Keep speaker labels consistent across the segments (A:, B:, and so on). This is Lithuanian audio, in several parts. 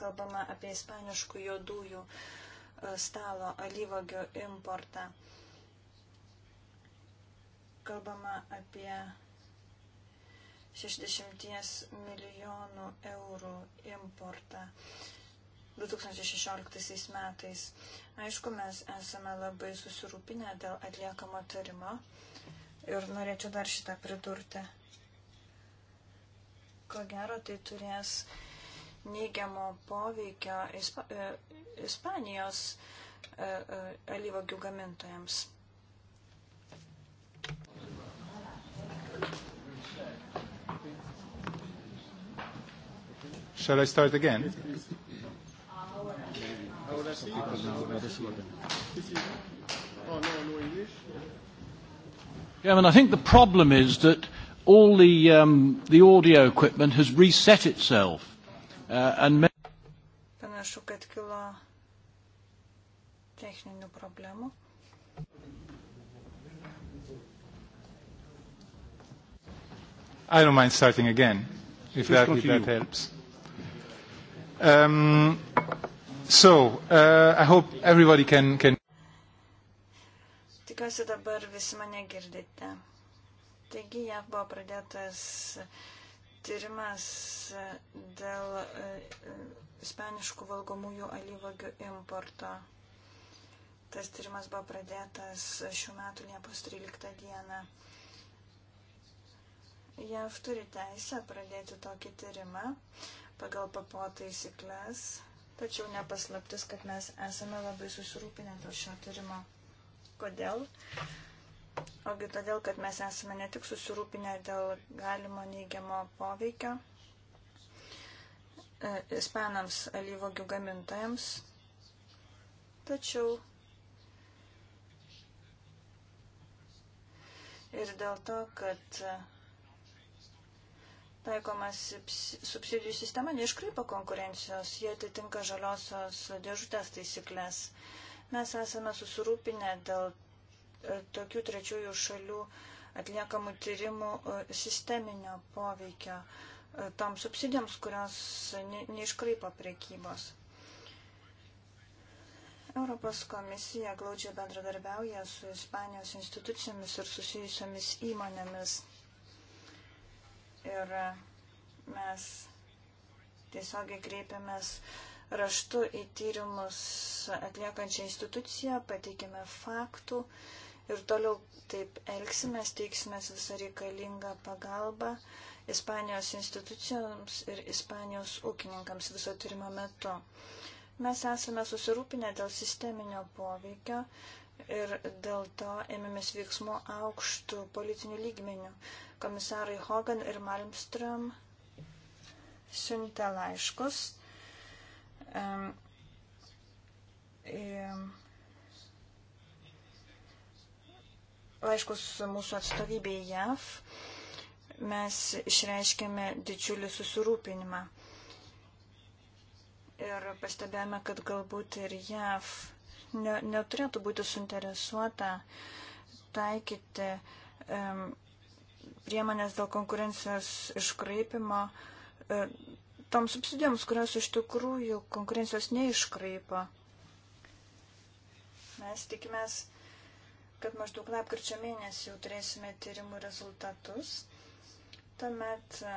A: kalbama apie ispaniškų juodųjų e, stalo alyvogių importą. Kalbama apie 60 milijonų eurų importą 2016 metais. Aišku, mes esame labai susirūpinę dėl atliekamo tarimo ir norėčiau dar šitą pridurti. Ko gero, tai turės uh, neigiamo poveikio Isp e, Ispanijos e, e, alyvogių gamintojams.
B: Shall I start again? Chairman, I think the problem is that all the, um, the audio equipment has reset itself. Uh, and...
A: Panašu, kad kilo techninių problemų.
B: I don't mind starting again, if, that, if that helps. Um, so, uh, I hope everybody can, can...
A: Tikiuosi dabar visi mane girdite. Taigi, jav buvo pradėtas uh, tyrimas dėl e, e, ispaniškų valgomųjų alyvagių importo. Tas tyrimas buvo pradėtas šių metų Liepos 13 dieną. JAV turi teisę pradėti tokį tyrimą pagal papo taisyklės, tačiau nepaslaptis, kad mes esame labai susirūpinę dėl šio tyrimo. Kodėl? Ogi todėl, kad mes esame ne tik susirūpinę dėl galimo neigiamo poveikio e, ispanams alyvogių gamintojams, tačiau ir dėl to, kad taikomas subsidijų sistema neiškrypa konkurencijos, jie atitinka žaliosios dėžutės taisyklės. Mes esame susirūpinę dėl tokių trečiųjų šalių atliekamų tyrimų e, sisteminio poveikio e, tom subsidijams, kurios neiškraipo priekybos. Europos komisija glaudžiai bendradarbiauja su Ispanijos institucijomis ir susijusiamis įmonėmis. Ir mes tiesiogiai kreipiamės raštu į tyrimus atliekančią instituciją, pateikime faktų, uh, ir toliau taip elgsime, teiksime visą reikalingą pagalbą Ispanijos institucijoms ir Ispanijos ūkininkams viso tyrimo metu. Mes esame susirūpinę dėl sisteminio poveikio ir dėl to ėmėmės veiksmų aukštų politinių lygmenių. Komisarai Hogan ir Malmström siuntė laiškus. Um, e, laiškus mūsų atstovybėje JAV, mes išreiškėme didžiulį susirūpinimą. Ir pastebėjome, kad galbūt ir JAV ne, neturėtų būti suinteresuota taikyti um, priemonės dėl konkurencijos iškraipimo um, e, tom subsidijoms, kurios iš tikrųjų konkurencijos neiškraipo. Mes tikimės, kad maždaug lapkričio mėnesį jau turėsime tyrimų rezultatus. Tuomet e,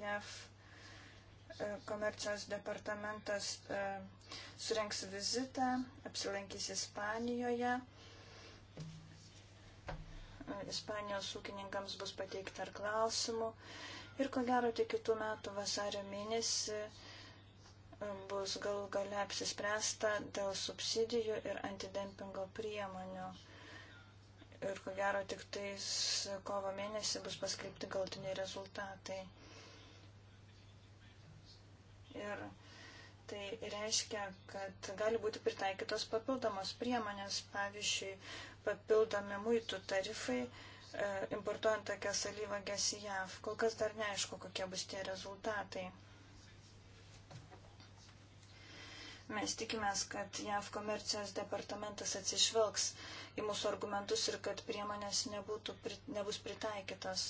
A: JAV e, komercijos departamentas e, surenks vizitą, apsilankys Ispanijoje. Ispanijos ūkininkams bus pateikta ar klausimų. Ir ko gero tik kitų metų vasario mėnesį bus gal gale apsispręsta dėl subsidijų ir antidempingo priemonių. Ir ko gero tik tais kovo mėnesį bus paskelbti galtiniai rezultatai. Ir tai reiškia, kad gali būti pritaikytos papildomos priemonės, pavyzdžiui, papildomi muitų tarifai e, importuojant tokias alyvagės į JAV. Kol kas dar neaišku, kokie bus tie rezultatai. Mes tikimės, kad JAV komercijos departamentas atsižvelgs į mūsų argumentus ir kad priemonės nebūtų, nebus pritaikytos.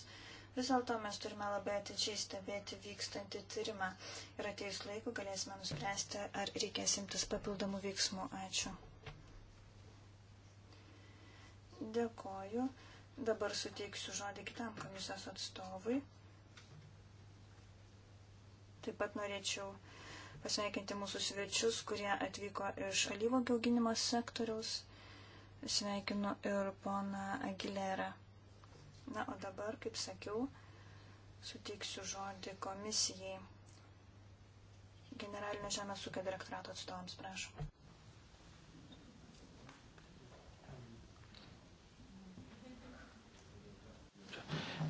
A: Vis dėlto mes turime labai atidžiai stebėti vykstantį tyrimą ir atėjus laiku galėsime nuspręsti, ar reikės imtis papildomų veiksmų. Ačiū. Dėkoju. Dabar suteiksiu žodį kitam komisijos atstovui. Taip pat norėčiau pasveikinti mūsų svečius, kurie atvyko iš alyvogių auginimo sektoriaus. Sveikinu ir poną Aguilera. Na, o dabar, kaip sakiau, suteiksiu žodį komisijai. Generalinio žemės ūkio direktorato atstovams, prašom.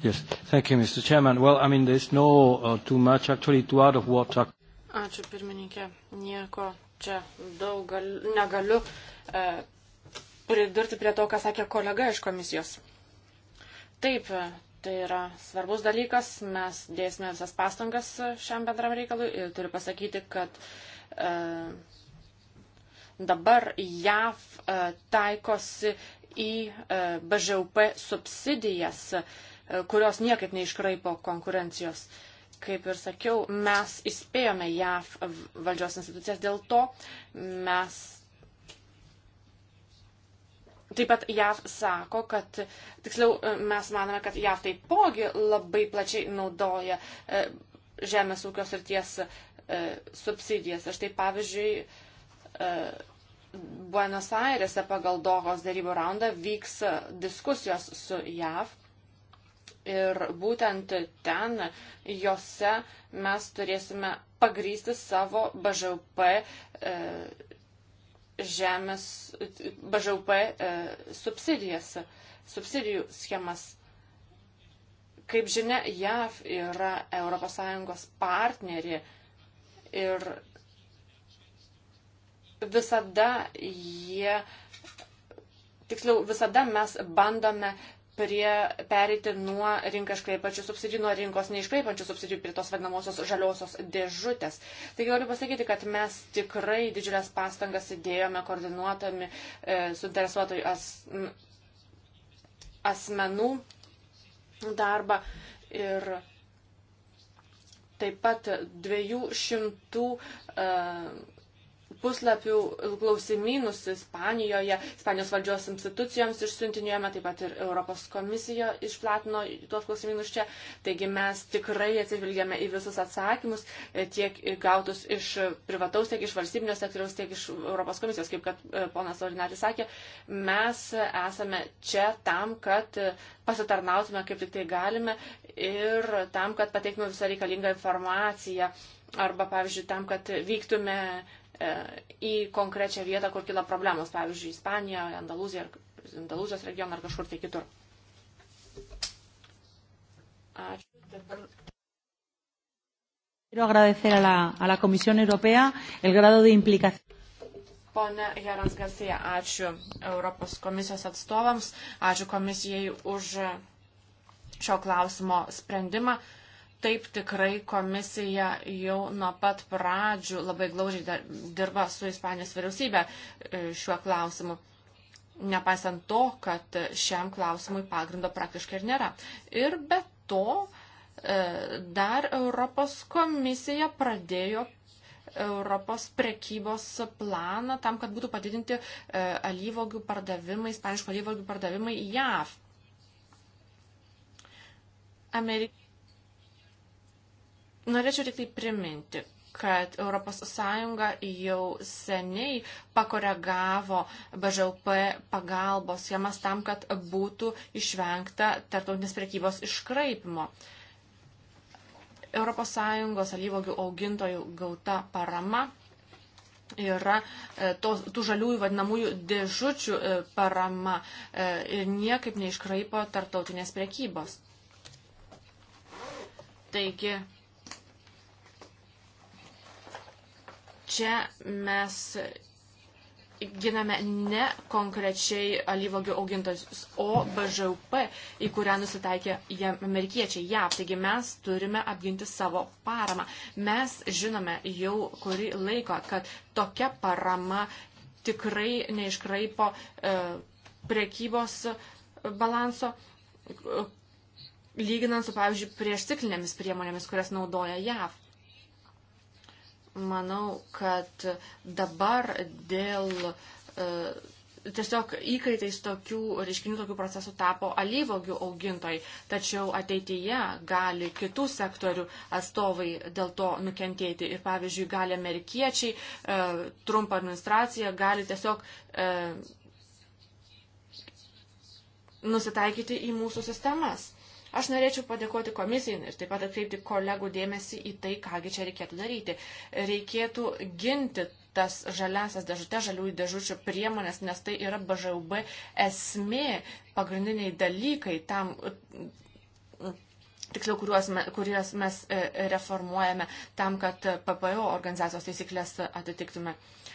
B: Yes. Thank you, Mr. Chairman. Well, I mean, there's no uh, too much actually to add of what
C: Ačiū pirmininkė. Nieko čia daug gal, negaliu e, pridurti prie to, ką sakė kolega iš komisijos. Taip, e, tai yra svarbus dalykas, mes dėsime visas pastangas e, šiam bendram reikalui ir turiu pasakyti, kad e, dabar JAV e, taikosi į e, BŽUP subsidijas, e, kurios niekaip neiškraipo konkurencijos. E, Kaip ir sakiau, mes įspėjome JAV valdžios institucijas dėl to, mes Taip pat JAV sako, kad, tiksliau, mes manome, kad JAV taipogi labai plačiai naudoja e, žemės ūkio srities e, subsidijas. Aš tai pavyzdžiui, e, Buenos Airese pagal Dohos darybų raundą vyks diskusijos su JAV Ir būtent ten, jose mes turėsime pagrysti savo BŽP e, žemės, BŽP e, subsidijas, subsidijų schemas. Kaip žinia, JAV yra ES partnerė ir visada jie, tiksliau, visada mes bandome prie pereiti nuo rinką iškreipančių subsidijų, nuo rinkos neiškreipančių subsidijų prie tos vadinamosios žaliosios dėžutės. Taigi noriu pasakyti, kad mes tikrai didžiulės pastangas įdėjome koordinuotami e, suinteresuotojų as, m, asmenų darbą ir taip pat 200 e, puslapių klausimynus Ispanijoje, Ispanijos valdžios institucijoms išsiuntinėjome, taip pat ir Europos komisijo išplatino tuos klausimynus čia. Taigi mes tikrai atsivilgėme į visus atsakymus, e, tiek gautus iš privataus, tiek iš valstybinio sektoriaus, tiek iš Europos komisijos, kaip kad e, ponas Orinatis sakė. Mes esame čia tam, kad e, pasitarnautume kaip tik tai galime ir tam, kad pateiktume visą reikalingą informaciją arba, pavyzdžiui, tam, kad vyktume E, į konkrečią vietą, kur kila problemos, pavyzdžiui, Ispanija, Andalūzija, Andalūzijos regioną ar kažkur tai kitur. Ačiū. Dabar.
D: Quiero agradecer a la, a la Comisión Europea el grado de implicación.
C: Pone Herans Garcia, ačiū Europos komisijos atstovams, ačiū komisijai už šio klausimo sprendimą. Taip tikrai komisija jau nuo pat pradžių labai glaužiai dirba su Ispanijos vyriausybė e, šiuo klausimu. Nepaisant to, kad šiam klausimui pagrindo praktiškai ir nėra. Ir be to e, dar Europos komisija pradėjo Europos prekybos planą tam, kad būtų padidinti e, alyvogių pardavimai, ispaniško alyvogių pardavimai JAV. Amerika Norėčiau tik tai priminti, kad ES jau seniai pakoregavo BŽLP pagalbos schemas tam, kad būtų išvengta tarptautinės prekybos iškraipimo. ES alyvogių augintojų gauta parama yra e, tos, tų žaliųjų vadinamųjų dėžučių e, parama e, ir niekaip neiškraipo tarptautinės prekybos. Taigi, čia mes giname ne konkrečiai alyvogių augintojus, o BŽUP, į kurią nusitaikė amerikiečiai JAV. Taigi mes turime apginti savo paramą. Mes žinome jau kurį laiką, kad tokia parama tikrai neiškraipo e, prekybos balanso, e, lyginant su, pavyzdžiui, prieš ciklinėmis priemonėmis, kurias naudoja JAV manau, kad dabar dėl e, tiesiog įkaitais tokių reiškinių, tokių procesų tapo alyvogių augintojai, tačiau ateityje gali kitų sektorių atstovai dėl to nukentėti. Ir pavyzdžiui, gali amerikiečiai, e, Trump administracija gali tiesiog e, nusitaikyti į mūsų sistemas. Aš norėčiau padėkoti komisijai ir taip pat atkreipti kolegų dėmesį į tai, kągi čia reikėtų daryti. Reikėtų ginti tas žaliasias dėžutės, žaliųjų dėžučių priemonės, nes tai yra BŽUB esmė, pagrindiniai dalykai tam tiksliau, kuriuos, me, kuriuos mes e, reformuojame tam, kad PPO organizacijos taisyklės atitiktume. Uh,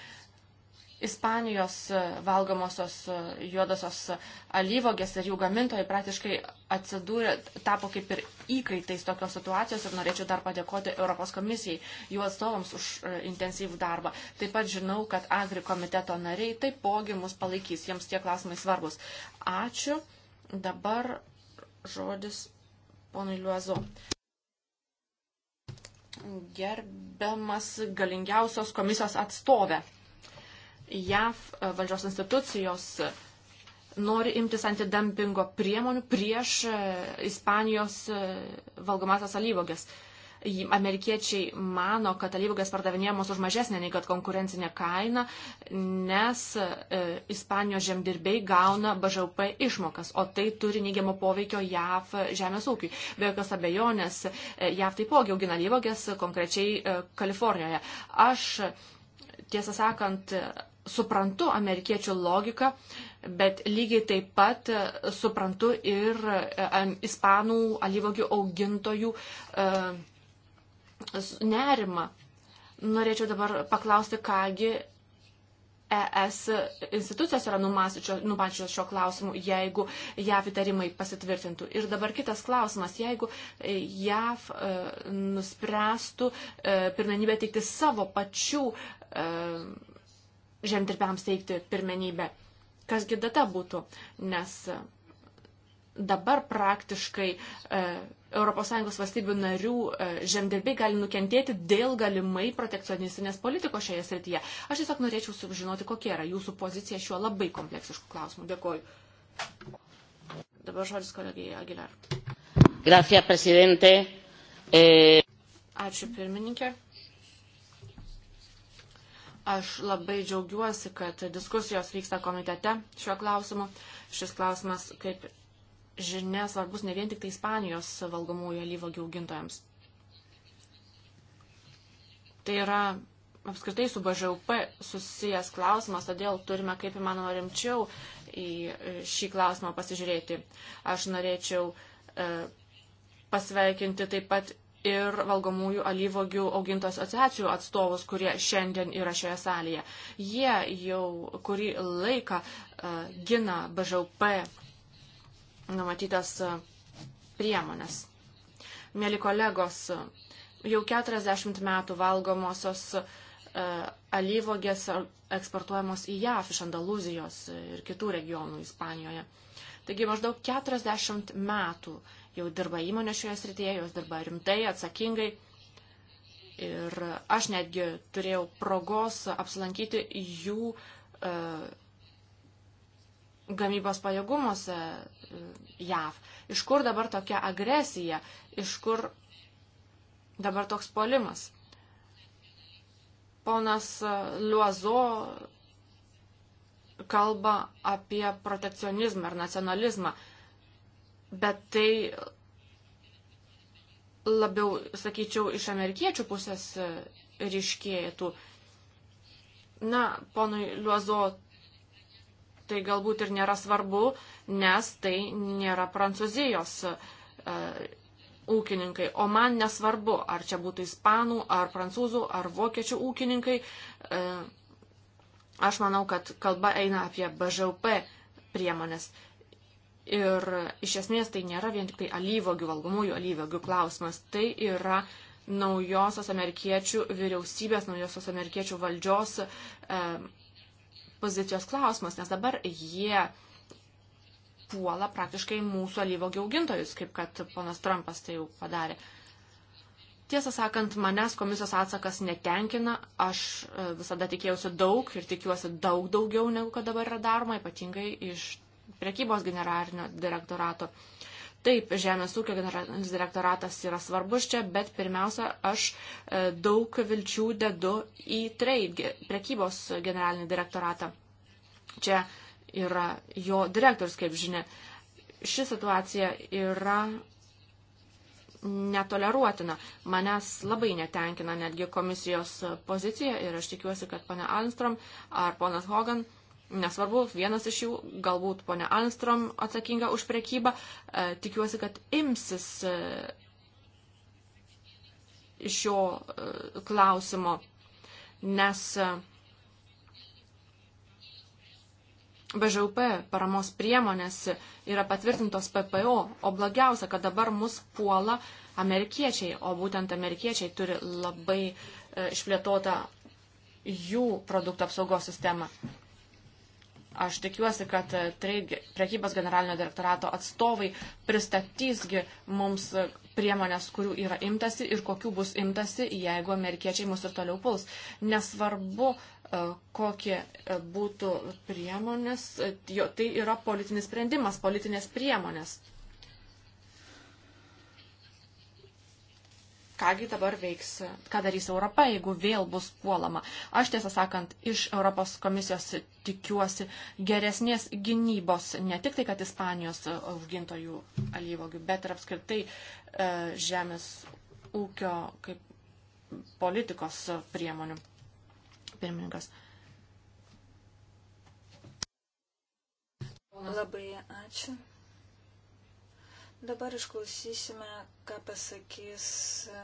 C: Ispanijos e, valgomosios e, juodosios e, alyvogės ir jų gamintojai praktiškai atsidūrė, tapo kaip ir įkaitais tokios situacijos ir norėčiau dar padėkoti Europos komisijai, jų atstovams už intensyvų darbą. Taip pat žinau, kad Agri komiteto nariai taipogi mus palaikys, jiems tie klausimai svarbus. Ačiū. Dabar žodis ponui Liuozo gerbiamas galingiausios komisijos atstovė. JAV e, valdžios institucijos e, nori imtis antidumpingo priemonių prieš e, Ispanijos valgomasias alyvogės. Amerikiečiai mano, kad alyvogės pardavinėjamos už mažesnę nei kad konkurencinė kaina, nes Ispanijos žemdirbiai gauna BŽP išmokas, o tai turi neigiamo poveikio JAV žemės ūkiui. Be jokios abejonės, JAV taipogi augina alyvogės konkrečiai Kalifornijoje. Aš tiesą sakant, suprantu amerikiečių logiką, bet lygiai taip pat e, suprantu ir e, ispanų alyvogių augintojų e, nerimą. Norėčiau dabar paklausti, kągi ES institucijos yra numačiusios šio klausimu, jeigu JAV įtarimai pasitvirtintų. Ir dabar kitas klausimas, jeigu JAV e, nuspręstų e, pirmenybę teikti savo pačių e, žemdirbiams teikti pirmenybę. Kasgi data būtų, nes e, dabar praktiškai e, ES valstybių narių e, žemdirbiai gali nukentėti dėl galimai protekcionistinės politikos šioje srityje. Aš tiesiog norėčiau sužinoti, kokia yra jūsų pozicija šiuo labai kompleksišku klausimu. Dėkoju. Dabar žodis kolegijai Aguilar.
D: Gracias, prezidente. E... Eh,
C: Ačiū, pirmininkė. Aš labai džiaugiuosi, kad diskusijos vyksta komitete šiuo klausimu. Šis klausimas, kaip žinia, svarbus ne vien tik tai Ispanijos valgomųjų alyvogių augintojams. Tai yra apskritai su BŽUP susijęs klausimas, todėl turime kaip įmanoma rimčiau į šį klausimą pasižiūrėti. Aš norėčiau e, pasveikinti taip pat ir valgomųjų alyvogių augintų asociacijų atstovus, kurie šiandien yra šioje salėje. Jie jau kurį laiką uh, gina BŽP numatytas uh, priemonės. Mėly kolegos, jau 40 metų valgomosios uh, e, alyvogės eksportuojamos į JAF iš Andalūzijos ir kitų regionų Ispanijoje. Taigi maždaug 40 metų uh, jau dirba įmonė šioje srityje, jos dirba rimtai, atsakingai. Ir aš netgi turėjau progos apsilankyti jų e, gamybos pajėgumuose e, JAV. Iš kur dabar tokia agresija, iš kur dabar toks polimas? Ponas e, Luozo kalba apie protekcionizmą ir nacionalizmą bet tai labiau, sakyčiau, iš amerikiečių pusės e, ryškėtų. Na, ponui Luozo, tai galbūt ir nėra svarbu, nes tai nėra prancūzijos e, ūkininkai. O man nesvarbu, ar čia būtų ispanų, ar prancūzų, ar vokiečių ūkininkai. E, aš manau, kad kalba eina apie BŽP priemonės. E, Ir iš esmės tai nėra vien tik tai alyvogių, valgomųjų alyvogių klausimas. Tai yra naujosios amerikiečių vyriausybės, naujosios amerikiečių valdžios e, pozicijos klausimas, nes dabar jie puola praktiškai mūsų alyvogių augintojus, kaip kad ponas Trumpas tai jau padarė. Tiesą sakant, manęs komisijos atsakas netenkina, aš e, visada tikėjausi daug ir tikiuosi daug daugiau negu kad dabar yra daroma, ypatingai iš prekybos generalinio direktorato. Taip, Žemės ūkio generalinis direktoratas yra svarbus čia, bet pirmiausia, aš e, daug vilčių dedu į trade, prekybos generalinį direktoratą. Čia yra jo direktorius, kaip žinia. Ši situacija yra netoleruotina. Manęs labai netenkina netgi komisijos pozicija ir aš tikiuosi, kad pana Alnstrom ar ponas Hogan Nesvarbu, vienas iš jų, galbūt ponia Anstrom atsakinga už prekybą, e, tikiuosi, kad imsis e, šio e, klausimo, nes BŽUP paramos priemonės yra patvirtintos PPO, o blogiausia, kad dabar mus puola amerikiečiai, o būtent amerikiečiai turi labai išplėtotą jų produktų apsaugos sistemą. Aš tikiuosi, kad e, prekybos generalinio direktorato atstovai pristatysgi mums e, priemonės, kurių yra imtasi ir kokių bus imtasi, jeigu amerikiečiai mus ir toliau puls. Nesvarbu, e, kokie būtų priemonės, jo, tai yra politinis sprendimas, politinės priemonės. kągi dabar veiks, ką darys Europa, jeigu vėl bus puolama. Aš tiesą sakant, iš Europos komisijos tikiuosi geresnės gynybos, ne tik tai, kad Ispanijos augintojų alyvogių, bet ir apskritai e, žemės ūkio kaip politikos priemonių. Pirmininkas.
A: Labai ačiū. Dabar išklausysime, ką pasakys e,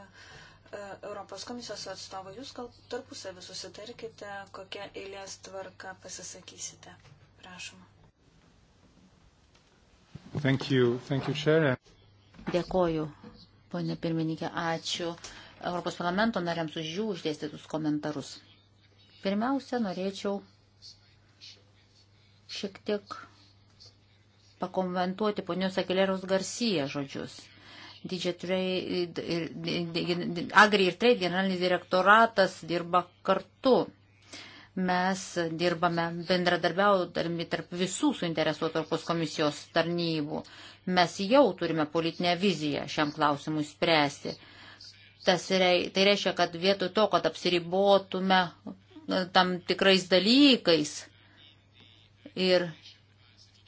A: Europos komisijos atstovai. Jūs gal tarpusavį susitarkite, kokią eilės tvarką pasisakysite. Prašom.
B: Thank you. Thank you, Chair.
D: Dėkoju, ponė pirmininkė. Ačiū Europos parlamento nariams už jų išdėstytus komentarus. Pirmiausia, norėčiau šiek tiek pakomentuoti ponios Akeleros Garcia žodžius. Trade, Agri ir Trade generalinis direktoratas dirba kartu. Mes dirbame bendradarbiaudami tarp visų suinteresuotos komisijos tarnybų. Mes jau turime politinę viziją šiam klausimui spręsti. Tas, rei, tai reiškia, kad vietoj to, kad apsiribotume tam tikrais dalykais ir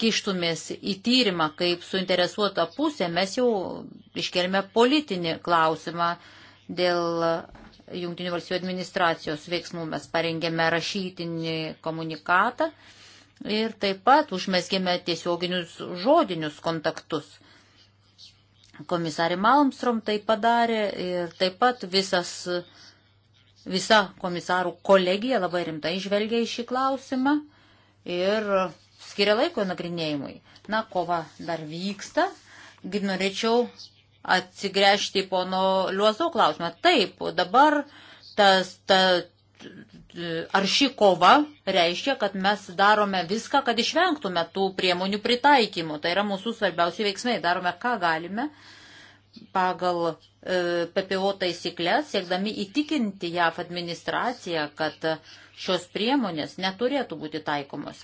D: kištumės į tyrimą kaip suinteresuota pusė, mes jau iškelime politinį klausimą dėl Junktinių valstybių administracijos veiksmų. Mes parengėme rašytinį komunikatą ir taip pat užmesgėme tiesioginius žodinius kontaktus. Komisarė Malmstrom tai padarė ir taip pat visas visa komisarų kolegija labai rimtai žvelgia į šį klausimą ir skiria laiko nagrinėjimui. Na, kova dar vyksta. Norėčiau atsigręžti į pono Liuozo klausimą. Taip, dabar tas, ta, ar ši kova reiškia, kad mes darome viską, kad išvengtume tų priemonių pritaikymo. Tai yra mūsų svarbiausi veiksmai. Darome, ką galime pagal e, PPO taisyklės, siekdami įtikinti JAF administraciją, kad šios priemonės neturėtų būti taikomos.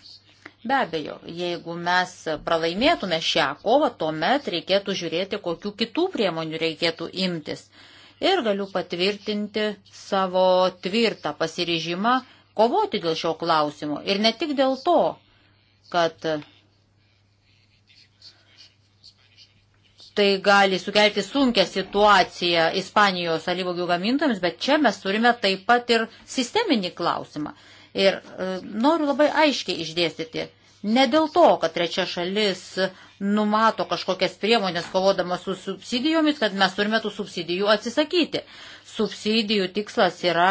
D: Be abejo, jeigu mes pralaimėtume šią kovą, tuomet reikėtų žiūrėti, kokiu kitų priemonių reikėtų imtis. Ir galiu patvirtinti savo tvirtą pasiryžimą kovoti dėl šio klausimo. Ir ne tik dėl to, kad tai gali sukelti sunkę situaciją Ispanijos alyvogių gamintojams, bet čia mes turime taip pat ir sisteminį klausimą. Ir e, noriu labai aiškiai išdėstyti. Ne dėl to, kad trečia šalis numato kažkokias priemonės kovodama su subsidijomis, kad mes turime tų subsidijų atsisakyti. Subsidijų tikslas yra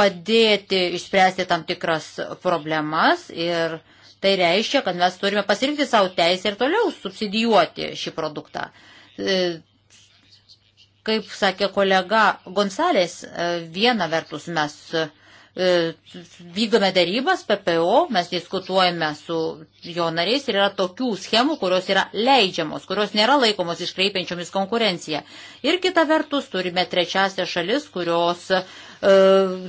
D: padėti išspręsti tam tikras problemas ir tai reiškia, kad mes turime pasirinkti savo teisę ir toliau subsidijuoti šį produktą. E, kaip sakė kolega Gonsalės, e, viena vertus mes E, vykdome darybas PPO, mes diskutuojame su jo nariais ir yra tokių schemų, kurios yra leidžiamos, kurios nėra laikomos iškreipiančiomis konkurenciją. Ir kita vertus turime trečiasią šalis, kurios e,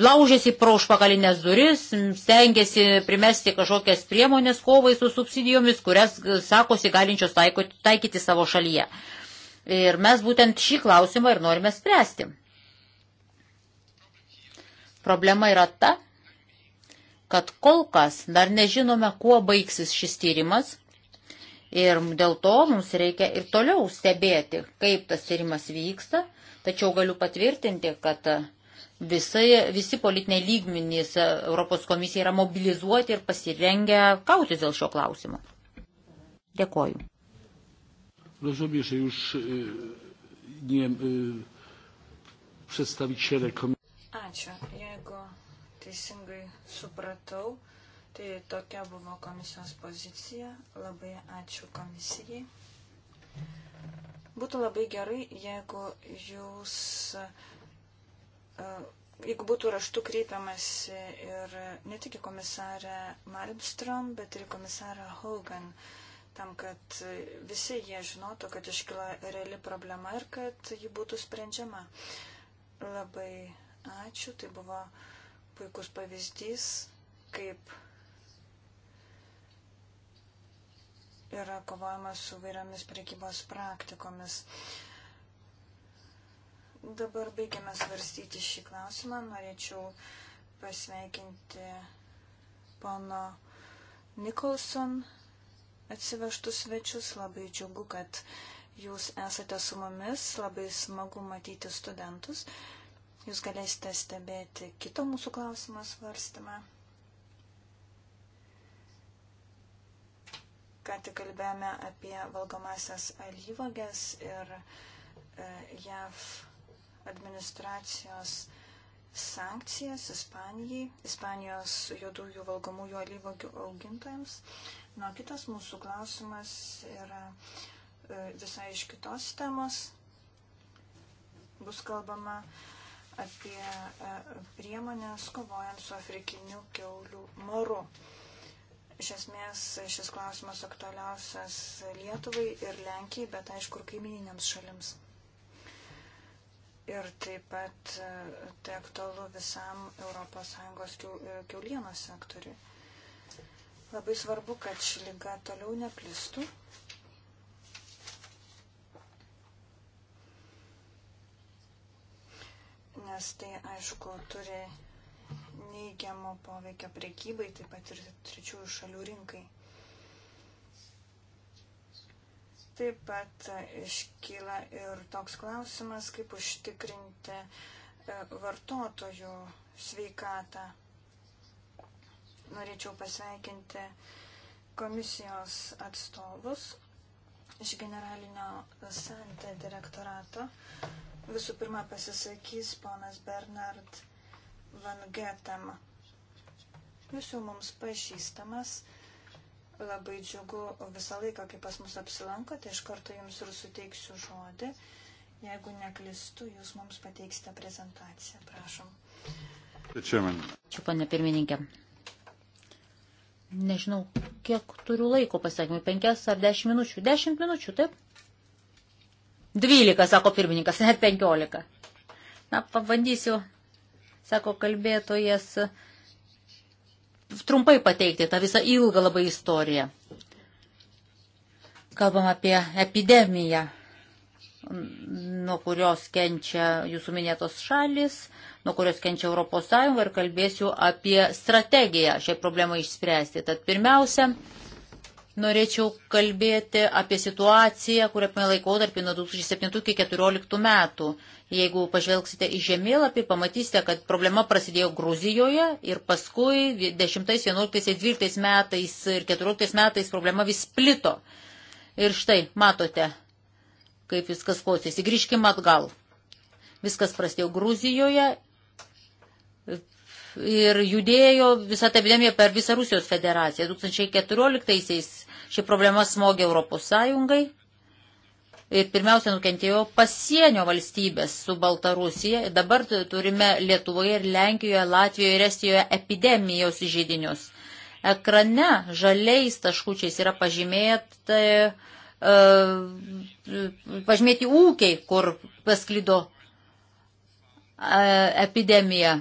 D: laužėsi pro užpakalinės duris, stengiasi primesti kažkokias priemonės kovai su subsidijomis, kurias e, sakosi galinčios taiko, taikyti savo šalyje. Ir mes būtent šį klausimą ir norime spręsti. Problema yra ta, kad kol kas dar nežinome, kuo baigsis šis tyrimas ir dėl to mums reikia ir toliau stebėti, kaip tas tyrimas vyksta, tačiau galiu patvirtinti, kad visai, visi politiniai lygmenys Europos komisija yra mobilizuoti ir pasirengę kautis dėl šio klausimo.
B: Dėkoju. Rozumiem, że już nie wiem, przedstawiciele komisji.
A: Ačiū teisingai supratau, tai tokia buvo komisijos pozicija. Labai ačiū komisijai. Būtų labai gerai, jeigu jūs, e, jeigu būtų raštu kreipiamas ir ne tik į komisarę Malmström, bet ir į komisarę Hogan tam, kad visi jie žinotų, kad iškila reali problema ir kad ji būtų sprendžiama. Labai ačiū, tai buvo puikus pavyzdys, kaip yra kovojama su vairiomis prekybos praktikomis. Dabar baigiame svarstyti šį klausimą. Norėčiau pasveikinti pono Nikolson atsivežtus svečius. Labai džiugu, kad jūs esate su mumis. Labai smagu matyti studentus. Uh, Jūs galėsite stebėti kito mūsų klausimo svarstymą. Ką tik kalbėjome apie valgomasias alyvogės ir e, JAV administracijos sankcijas Ispanijai, Ispanijos juodųjų valgomųjų alyvogių augintojams. Na, kitas mūsų klausimas yra e, visai iš kitos temos. Bus kalbama apie e, priemonės kovojant su afrikiniu keulių moru. Iš esmės šis klausimas aktualiausias Lietuvai ir Lenkijai, bet aišku ir kaimininėms šalims. Ir taip pat e, tai aktualu visam ES keulienos sektoriui. Labai svarbu, kad ši lyga toliau neplistų nes tai, aišku, turi neigiamo poveikio priekybai, taip pat ir trečiųjų šalių rinkai. Taip pat e, iškyla ir toks klausimas, kaip užtikrinti e, vartotojų sveikatą. Norėčiau pasveikinti komisijos atstovus iš generalinio Santa direktorato. Visų pirma pasisakys ponas Bernard Van Getem. Jūs jau mums pažįstamas. Labai džiugu visą laiką, kai pas mus apsilanko, tai iš karto jums ir suteiksiu žodį. Jeigu neklistu, jūs mums pateiksite prezentaciją. Prašom.
D: Ačiū, pane pirmininkė. Nežinau, kiek turiu laiko pasakymui. Penkias ar dešimt minučių. Dešimt minučių, taip? 12, sako pirmininkas, net 15. Na, pabandysiu, sako kalbėtojas, trumpai pateikti tą visą ilgą labai istoriją. Kalbam apie epidemiją, nuo kurios kenčia jūsų minėtos šalis, nuo kurios kenčia Europos Sąjunga ir kalbėsiu apie strategiją šiai problemai išspręsti. Tad pirmiausia, norėčiau kalbėti apie situaciją, kurią apime laikotarpį nuo 2007 iki 2014 metų. Jeigu pažvelgsite į žemėlapį, pamatysite, kad problema prasidėjo Gruzijoje ir paskui 10, 11, 12 metais ir 14 metais problema vis plito. Ir štai, matote, kaip viskas klostėsi. Grįžkime atgal. Viskas prasidėjo Gruzijoje, ir judėjo visą tą epidemiją per visą Rusijos federaciją. 2014-aisiais ši problema smogė Europos Sąjungai ir pirmiausia nukentėjo pasienio valstybės su Baltarusija. Dabar turime Lietuvoje ir Lenkijoje, Latvijoje ir Estijoje epidemijos žydinius. Ekrane žaliais taškučiais yra pažymėti, e, pažymėti ūkiai, kur pasklido e, epidemija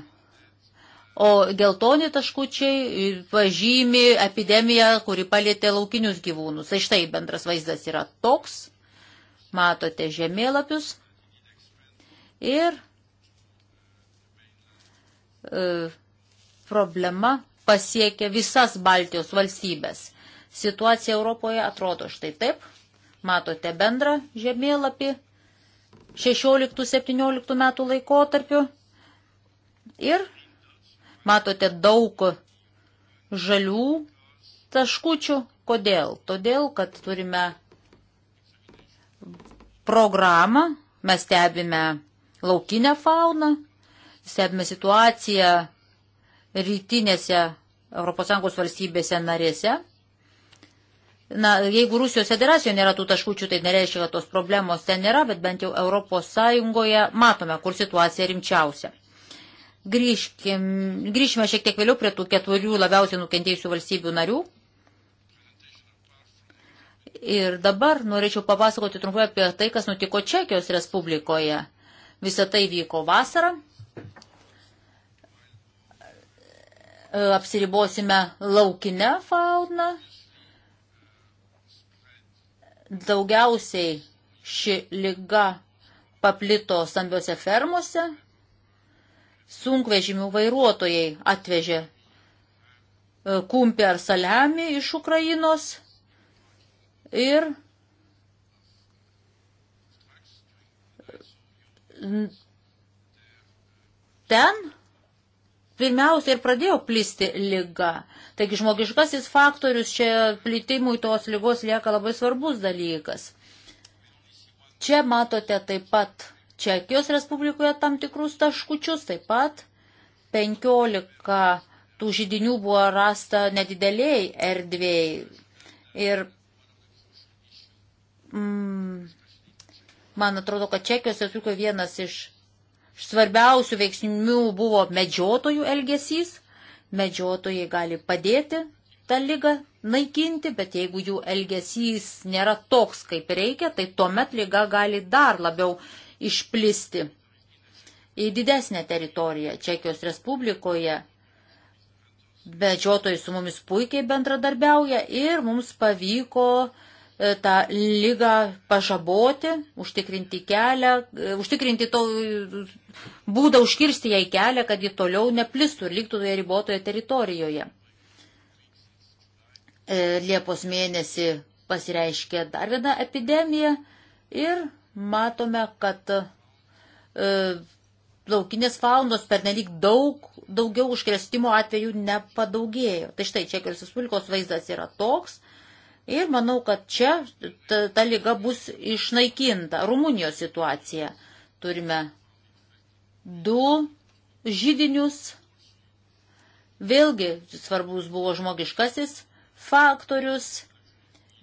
D: O geltoni taškučiai pažymi epidemiją, kuri palėtė laukinius gyvūnus. Tai štai bendras vaizdas yra toks. Matote žemėlapius. Ir e, problema pasiekia visas Baltijos valstybės. Situacija Europoje atrodo štai taip. Matote bendrą žemėlapį 16-17 metų laikotarpiu. Ir Matote daug žalių taškučių. Kodėl? Todėl, kad turime programą, mes stebime laukinę fauną, stebime situaciją rytinėse ES valstybėse narėse. Na, jeigu Rusijos federacijoje nėra tų taškučių, tai nereiškia, kad tos problemos ten nėra, bet bent jau ES matome, kur situacija rimčiausia. Grįžkim, grįžime šiek tiek vėliau prie tų keturių labiausiai nukentėjusių valstybių narių. Ir dabar norėčiau papasakoti trumpai apie tai, kas nutiko Čekijos Respublikoje. Visą tai vyko vasarą. E, apsiribosime laukinę fauną. Daugiausiai ši lyga paplito stambiose fermose sunkvežimių vairuotojai atvežė e, kumpį ar saliamį iš Ukrainos ir ten pirmiausia ir pradėjo plisti lyga. Taigi žmogiškasis faktorius čia plitimui tos lygos lieka labai svarbus dalykas. Čia matote taip pat Čekijos Respublikoje tam tikrus taškučius taip pat. 15 tų žydinių buvo rasta nedideliai erdvėjai. Ir mm, man atrodo, kad Čekijos Respublikoje vienas iš svarbiausių veiksnių buvo medžiotojų elgesys. Medžiotojai gali padėti tą lygą naikinti, bet jeigu jų elgesys nėra toks, kaip reikia, tai tuomet lyga gali dar labiau išplisti į didesnę teritoriją Čekijos Respublikoje. Medžiotojai su mumis puikiai bendradarbiauja ir mums pavyko e, tą lygą pažaboti, užtikrinti kelią, e, užtikrinti to būdą užkirsti jai kelią, kad ji toliau neplistų ir liktų toje ribotoje teritorijoje. E, Liepos mėnesį pasireiškė dar viena epidemija ir matome, kad e, laukinės faunos pernelyg daug, daugiau užkrestimo atvejų nepadaugėjo. Tai štai Čekijos Respublikos vaizdas yra toks. Ir manau, kad čia ta, ta lyga bus išnaikinta. Rumunijos situacija. Turime du žydinius. Vėlgi svarbus buvo žmogiškasis faktorius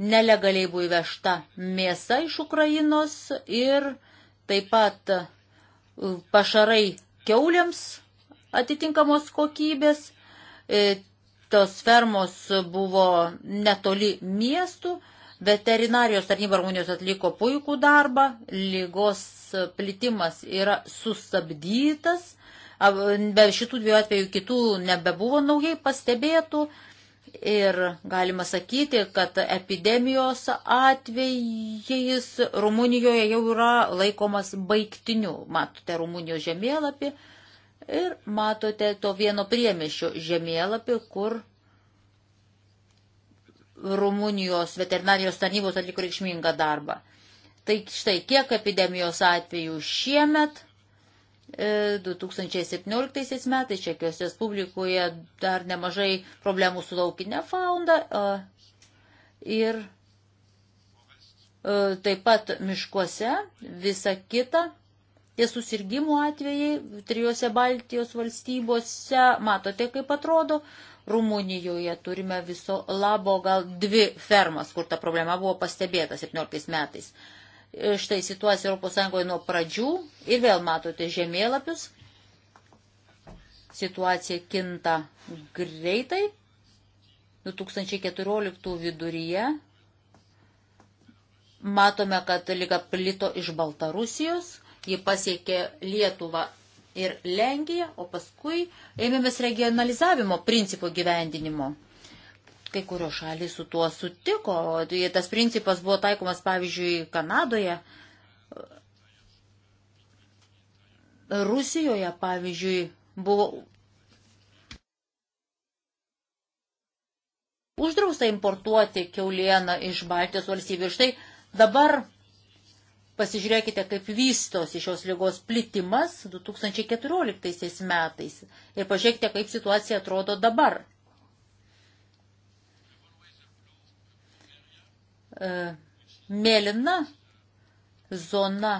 D: Nelegaliai buvo įvežta mėsa iš Ukrainos ir taip pat e, pašarai keuliams atitinkamos kokybės. E, tos fermos buvo netoli miestų. Veterinarijos tarnyba Rumunijos atliko puikų darbą, lygos plitimas yra sustabdytas, be šitų dviejų atvejų kitų nebebuvo naujai pastebėtų, Ir galima sakyti, kad epidemijos atvejais Rumunijoje jau yra laikomas baigtiniu. Matote Rumunijos žemėlapį ir matote to vieno priemišio žemėlapį, kur Rumunijos veterinarijos tarnybos atliko reikšmingą darbą. Tai štai kiek epidemijos atvejų šiemet 2017 e, metais Čekijos Respublikoje dar nemažai problemų su laukinė fauna ir e, taip pat miškuose visa kita. Tie susirgymų atvejai trijose Baltijos valstybose, matote, kaip atrodo, Rumunijoje turime viso labo gal dvi fermas, kur ta problema buvo pastebėta 17 metais štai situacija ES nuo pradžių ir vėl matote žemėlapius. Situacija kinta greitai. 2014 viduryje matome, kad lyga plito iš Baltarusijos, ji pasiekė Lietuvą ir Lenkiją, o paskui ėmėmės regionalizavimo principų gyvendinimo. Kai kurios šalis su tuo sutiko, tai tas principas buvo taikomas pavyzdžiui Kanadoje. Rusijoje, pavyzdžiui, buvo uždrausta importuoti keulieną iš Baltijos valstybių. Ir štai dabar pasižiūrėkite, kaip vystosi šios lygos plitimas 2014 metais ir pažiūrėkite, kaip situacija atrodo dabar. E, mėlyna zona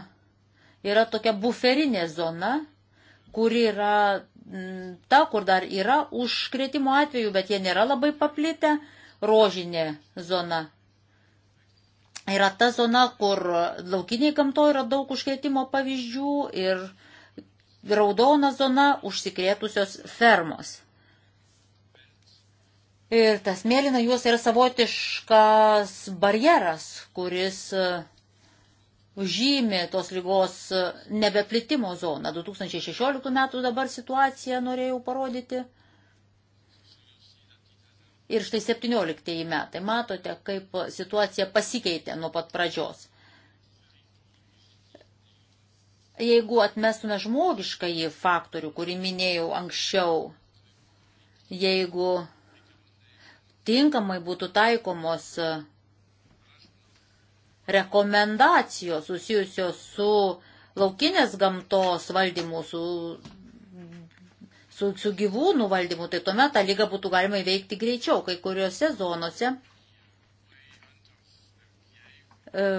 D: yra tokia buferinė zona, kuri yra ta, kur dar yra užkretimo atveju, bet jie nėra labai paplitę, rožinė zona. Yra ta zona, kur laukiniai gamtoje yra daug užkretimo pavyzdžių ir raudona zona užsikrėtusios fermos. Ir tas mėlyna juos yra savotiškas barjeras, kuris e, žymė tos lygos e, nebeplitimo zoną. 2016 metų dabar situaciją norėjau parodyti. Ir štai 17 metai. Matote, kaip situacija pasikeitė nuo pat pradžios. Jeigu atmestume žmogišką į faktorių, kurį minėjau anksčiau, jeigu tinkamai būtų taikomos e, rekomendacijos susijusios su laukinės gamtos valdymu, su, su, su gyvūnų valdymu, tai tuomet tą lygą būtų galima įveikti greičiau. Kai kuriuose zonose e,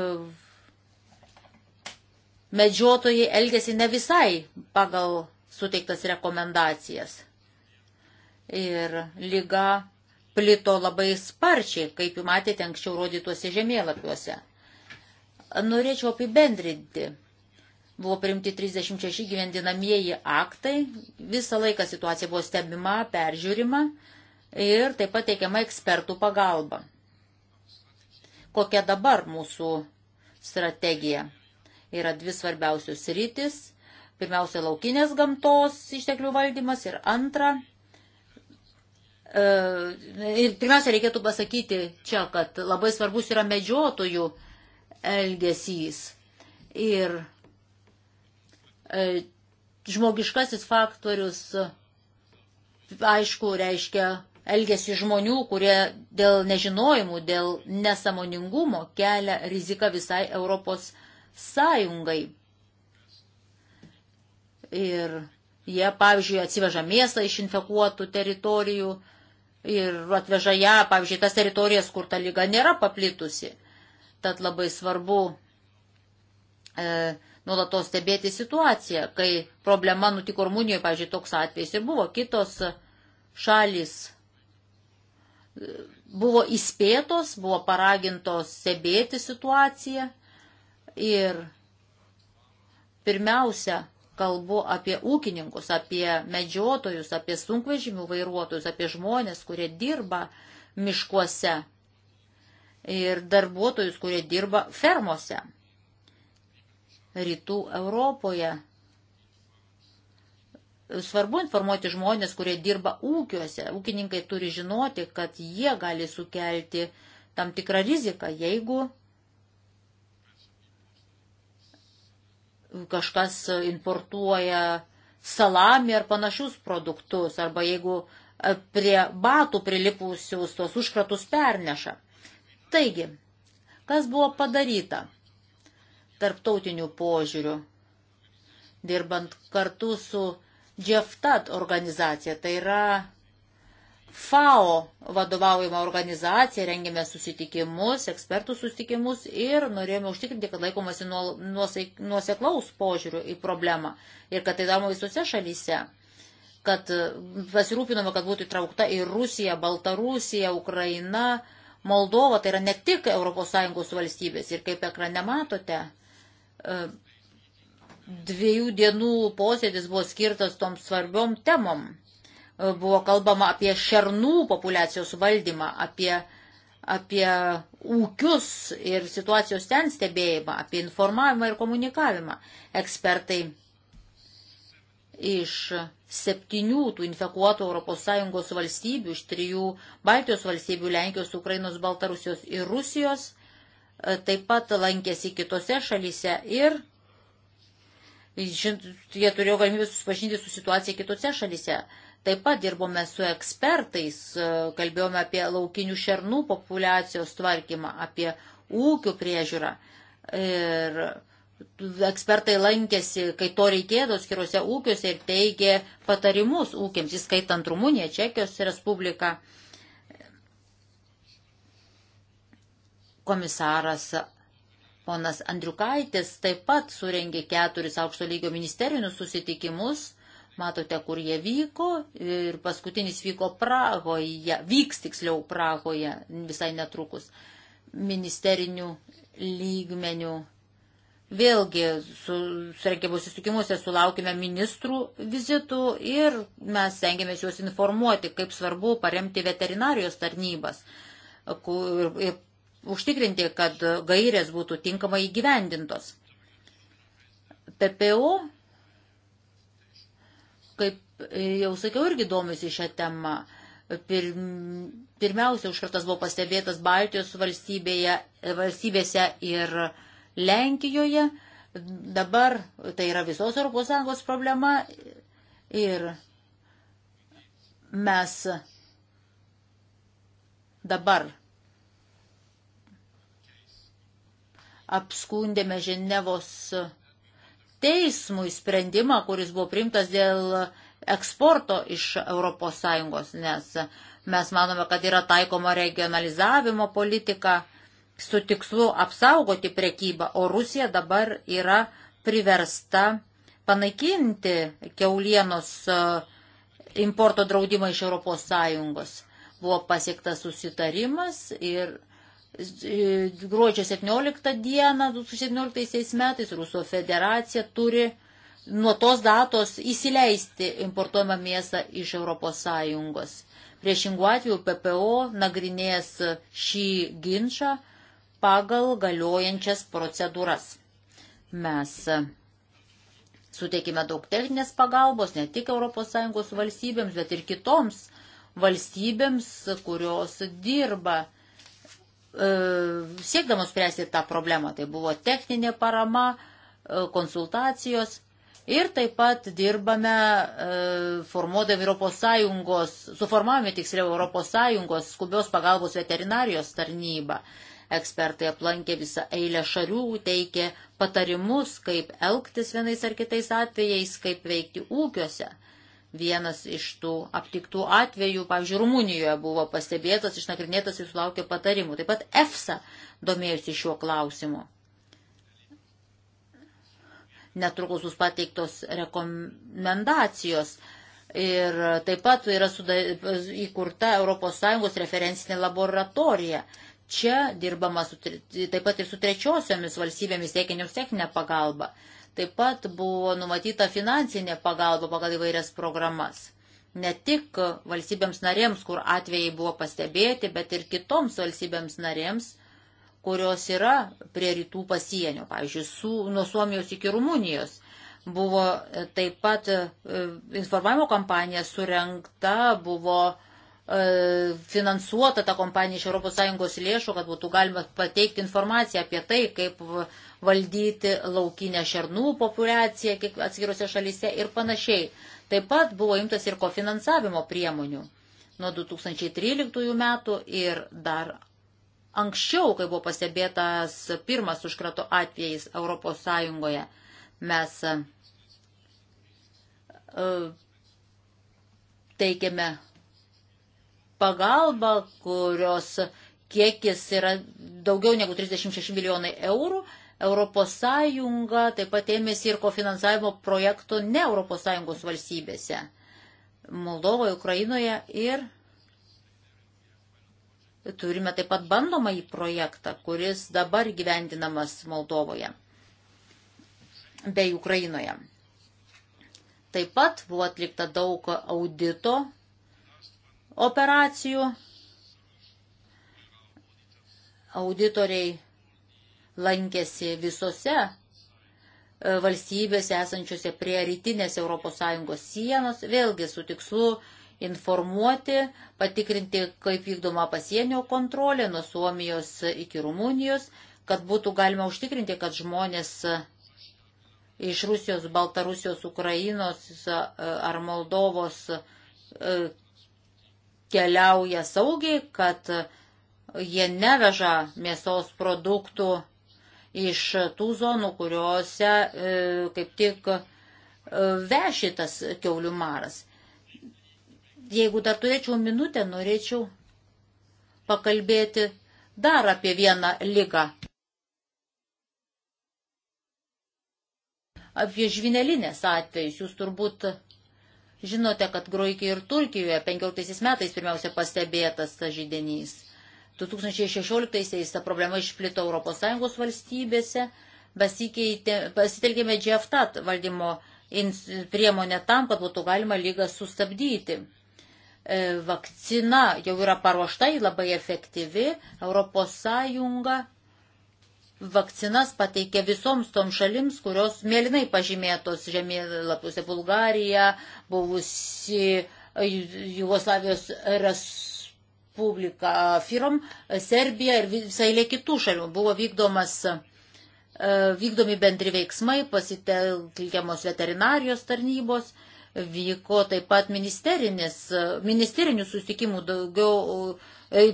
D: medžiotojai elgesi ne visai pagal suteiktas rekomendacijas. Ir lyga plito labai sparčiai, kaip jau matėte anksčiau rodytuose žemėlapiuose. Norėčiau apibendrinti. Buvo priimti 36 gyvendinamieji aktai, visą laiką situacija buvo stebima, peržiūrima ir taip pat teikiama ekspertų pagalba. Kokia dabar mūsų strategija? Yra dvi svarbiausios rytis. Pirmiausia, laukinės gamtos išteklių valdymas ir antra E, ir pirmiausia, reikėtų pasakyti čia, kad labai svarbus yra medžiotojų elgesys. Ir e, žmogiškasis faktorius, aišku, reiškia elgesį žmonių, kurie dėl nežinojimų, dėl nesamoningumo kelia riziką visai Europos sąjungai. Ir jie, pavyzdžiui, atsiveža mėsą iš infekuotų teritorijų, ir atveža ją, pavyzdžiui, tas teritorijas, kur ta lyga nėra paplitusi. Tad labai svarbu e, nuolatos stebėti situaciją, kai problema nutiko Rumunijoje, pavyzdžiui, toks atvejis ir buvo kitos šalis. E, buvo įspėtos, buvo paragintos stebėti situaciją ir pirmiausia, kalbu apie ūkininkus, apie medžiotojus, apie sunkvežimių vairuotojus, apie žmonės, kurie dirba miškuose ir darbuotojus, kurie dirba fermose. Rytų Europoje svarbu informuoti žmonės, kurie dirba ūkiuose. Ūkininkai turi žinoti, kad jie gali sukelti tam tikrą riziką, jeigu kažkas importuoja salami ar panašius produktus, arba jeigu e, prie batų prilipusius tos užkratus perneša. Taigi, kas buvo padaryta tarptautinių požiūrių, dirbant kartu su Jeftat organizacija, tai yra FAO vadovaujama organizacija, rengėme susitikimus, ekspertų susitikimus ir norėjome užtikrinti, kad laikomasi nuoseklaus požiūrių į problemą ir kad tai daroma visose šalyse kad pasirūpinome, kad būtų įtraukta ir Rusija, Baltarusija, Ukraina, Moldova, tai yra ne tik ES valstybės. Ir kaip ekrane matote, e, dviejų dienų posėdis buvo skirtas toms svarbiom temom buvo kalbama apie šernų populiacijos valdymą, apie, apie ūkius ir situacijos ten stebėjimą, apie informavimą ir komunikavimą. Ekspertai iš septynių tų infekuotų ES valstybių, iš trijų Baltijos valstybių - Lenkijos, Ukrainos, Baltarusijos ir Rusijos e, - taip pat lankėsi kitose šalyse ir jie turėjo galimybę susipažinti su situacija kitose šalyse. Taip pat dirbome su ekspertais, e, kalbėjome apie laukinių šernų populiacijos tvarkymą, apie ūkių priežiūrą. Ir ekspertai lankėsi, kai to reikėdavo skiriuose ūkiuose ir teigė patarimus ūkiams, įskaitant Rumuniją, Čekijos Respubliką. Komisaras ponas Andriukaitis taip pat surengė keturis aukšto lygio ministerinius susitikimus Matote, kur jie vyko ir paskutinis vyko Prahoje, vyks tiksliau Prahoje visai netrukus ministerinių lygmenių. Vėlgi, su, surengiamus susitikimuose sulaukime ministrų vizitų ir mes stengiamės juos informuoti, kaip svarbu paremti veterinarijos tarnybas kur, ir užtikrinti, kad gairės būtų tinkamai įgyvendintos. PPO kaip jau sakiau, irgi domisi šią temą. Pirmiausia, užkartas buvo pastebėtas Baltijos valstybėse ir Lenkijoje. Dabar tai yra visos ES problema ir mes dabar apskundėme Ženevos teismui sprendimą, kuris buvo priimtas dėl eksporto iš ES, nes mes manome, kad yra taikoma regionalizavimo politika su tikslu apsaugoti prekybą, o Rusija dabar yra priversta panaikinti keulienos e, importo draudimą iš ES. Buvo pasiektas susitarimas ir gruodžio 17 dieną 2017 metais Rusų federacija turi nuo tos datos įsileisti importuojamą mėsą iš ES. Priešingų atveju PPO nagrinės šį ginčą pagal galiojančias procedūras. Mes suteikime daug techninės pagalbos ne tik ES valstybėms, bet ir kitoms valstybėms, kurios dirba E, siekdamas spręsti tą problemą. Tai buvo techninė parama, e, konsultacijos ir taip pat dirbame e, formuodami Europos Sąjungos, suformavome tiksliau Europos Sąjungos skubios pagalbos veterinarijos tarnybą. Ekspertai aplankė visą eilę šarių, teikė patarimus, kaip elgtis vienais ar kitais atvejais, kaip veikti ūkiuose. Vienas iš tų aptiktų atvejų, pavyzdžiui, Rumunijoje buvo pastebėtas, išnagrinėtas ir sulaukė patarimų. Taip pat EFSA domėjusi šiuo klausimu. Netrukus bus pateiktos rekomendacijos. Ir taip pat yra suda, įkurta ES referencinė laboratorija. Čia dirbama su, taip pat ir su trečiosiomis valstybėmis teikiant jums techninę pagalbą. Taip pat buvo numatyta finansinė pagalba pagal įvairias programas. Ne tik valstybėms narėms, kur atvejai buvo pastebėti, bet ir kitoms valstybėms narėms, kurios yra prie rytų pasienio, pavyzdžiui, su, nuo Suomijos iki Rumunijos. Buvo taip pat e, informavimo kampanija surenkta, buvo uh, E, finansuota ta kompanija iš ES lėšų, kad būtų galima pateikti informaciją apie tai, kaip valdyti laukinę šernų populiaciją atskirose šalyse ir panašiai. Taip pat buvo imtas ir kofinansavimo priemonių nuo 2013 metų ir dar anksčiau, kai buvo pastebėtas pirmas užkrato atvejais ES. Mes e, teikėme pagalbą, kurios kiekis yra daugiau negu 36 milijonai eurų. Europos Sąjunga taip pat ėmėsi ir kofinansavimo projektų ne Europos Sąjungos valstybėse - Moldovoje, Ukrainoje ir turime taip pat bandomąjį projektą, kuris dabar gyvendinamas Moldovoje bei Ukrainoje. Taip pat buvo atlikta daug audito operacijų. Auditoriai lankėsi visose e, valstybėse esančiose prie rytinės ES sienos, vėlgi su tikslu informuoti, patikrinti, kaip vykdoma pasienio kontrolė nuo Suomijos iki Rumunijos, kad būtų galima užtikrinti, kad žmonės iš Rusijos, Baltarusijos, Ukrainos e, ar Moldovos e, keliauja saugiai, kad jie neveža mėsos produktų iš tų zonų, kuriuose e, kaip tik e, vešitas keulių maras. Jeigu dar turėčiau minutę, norėčiau pakalbėti dar apie vieną lygą. Apie žvinelinės atvejus jūs turbūt Žinote, kad Graikijoje ir Turkijoje 15 metais pirmiausia pastebėtas tas žydinys. 2016-aisiais ta problema išplito ES valstybėse, pasitelkėme GFTAT valdymo priemonę tam, kad būtų galima lygą sustabdyti. E, vakcina jau yra paruošta, labai efektyvi, ES vakcinas pateikė visoms tom šalims, kurios mėlynai pažymėtos žemėlapiuose Bulgarija, buvusi e, Jugoslavijos Respublika Firom, Serbija ir visai lė kitų šalių. Buvo vykdomas, e, vykdomi bendri veiksmai, pasitelkiamos veterinarijos tarnybos, vyko taip pat e, ministerinių susitikimų, daugiau,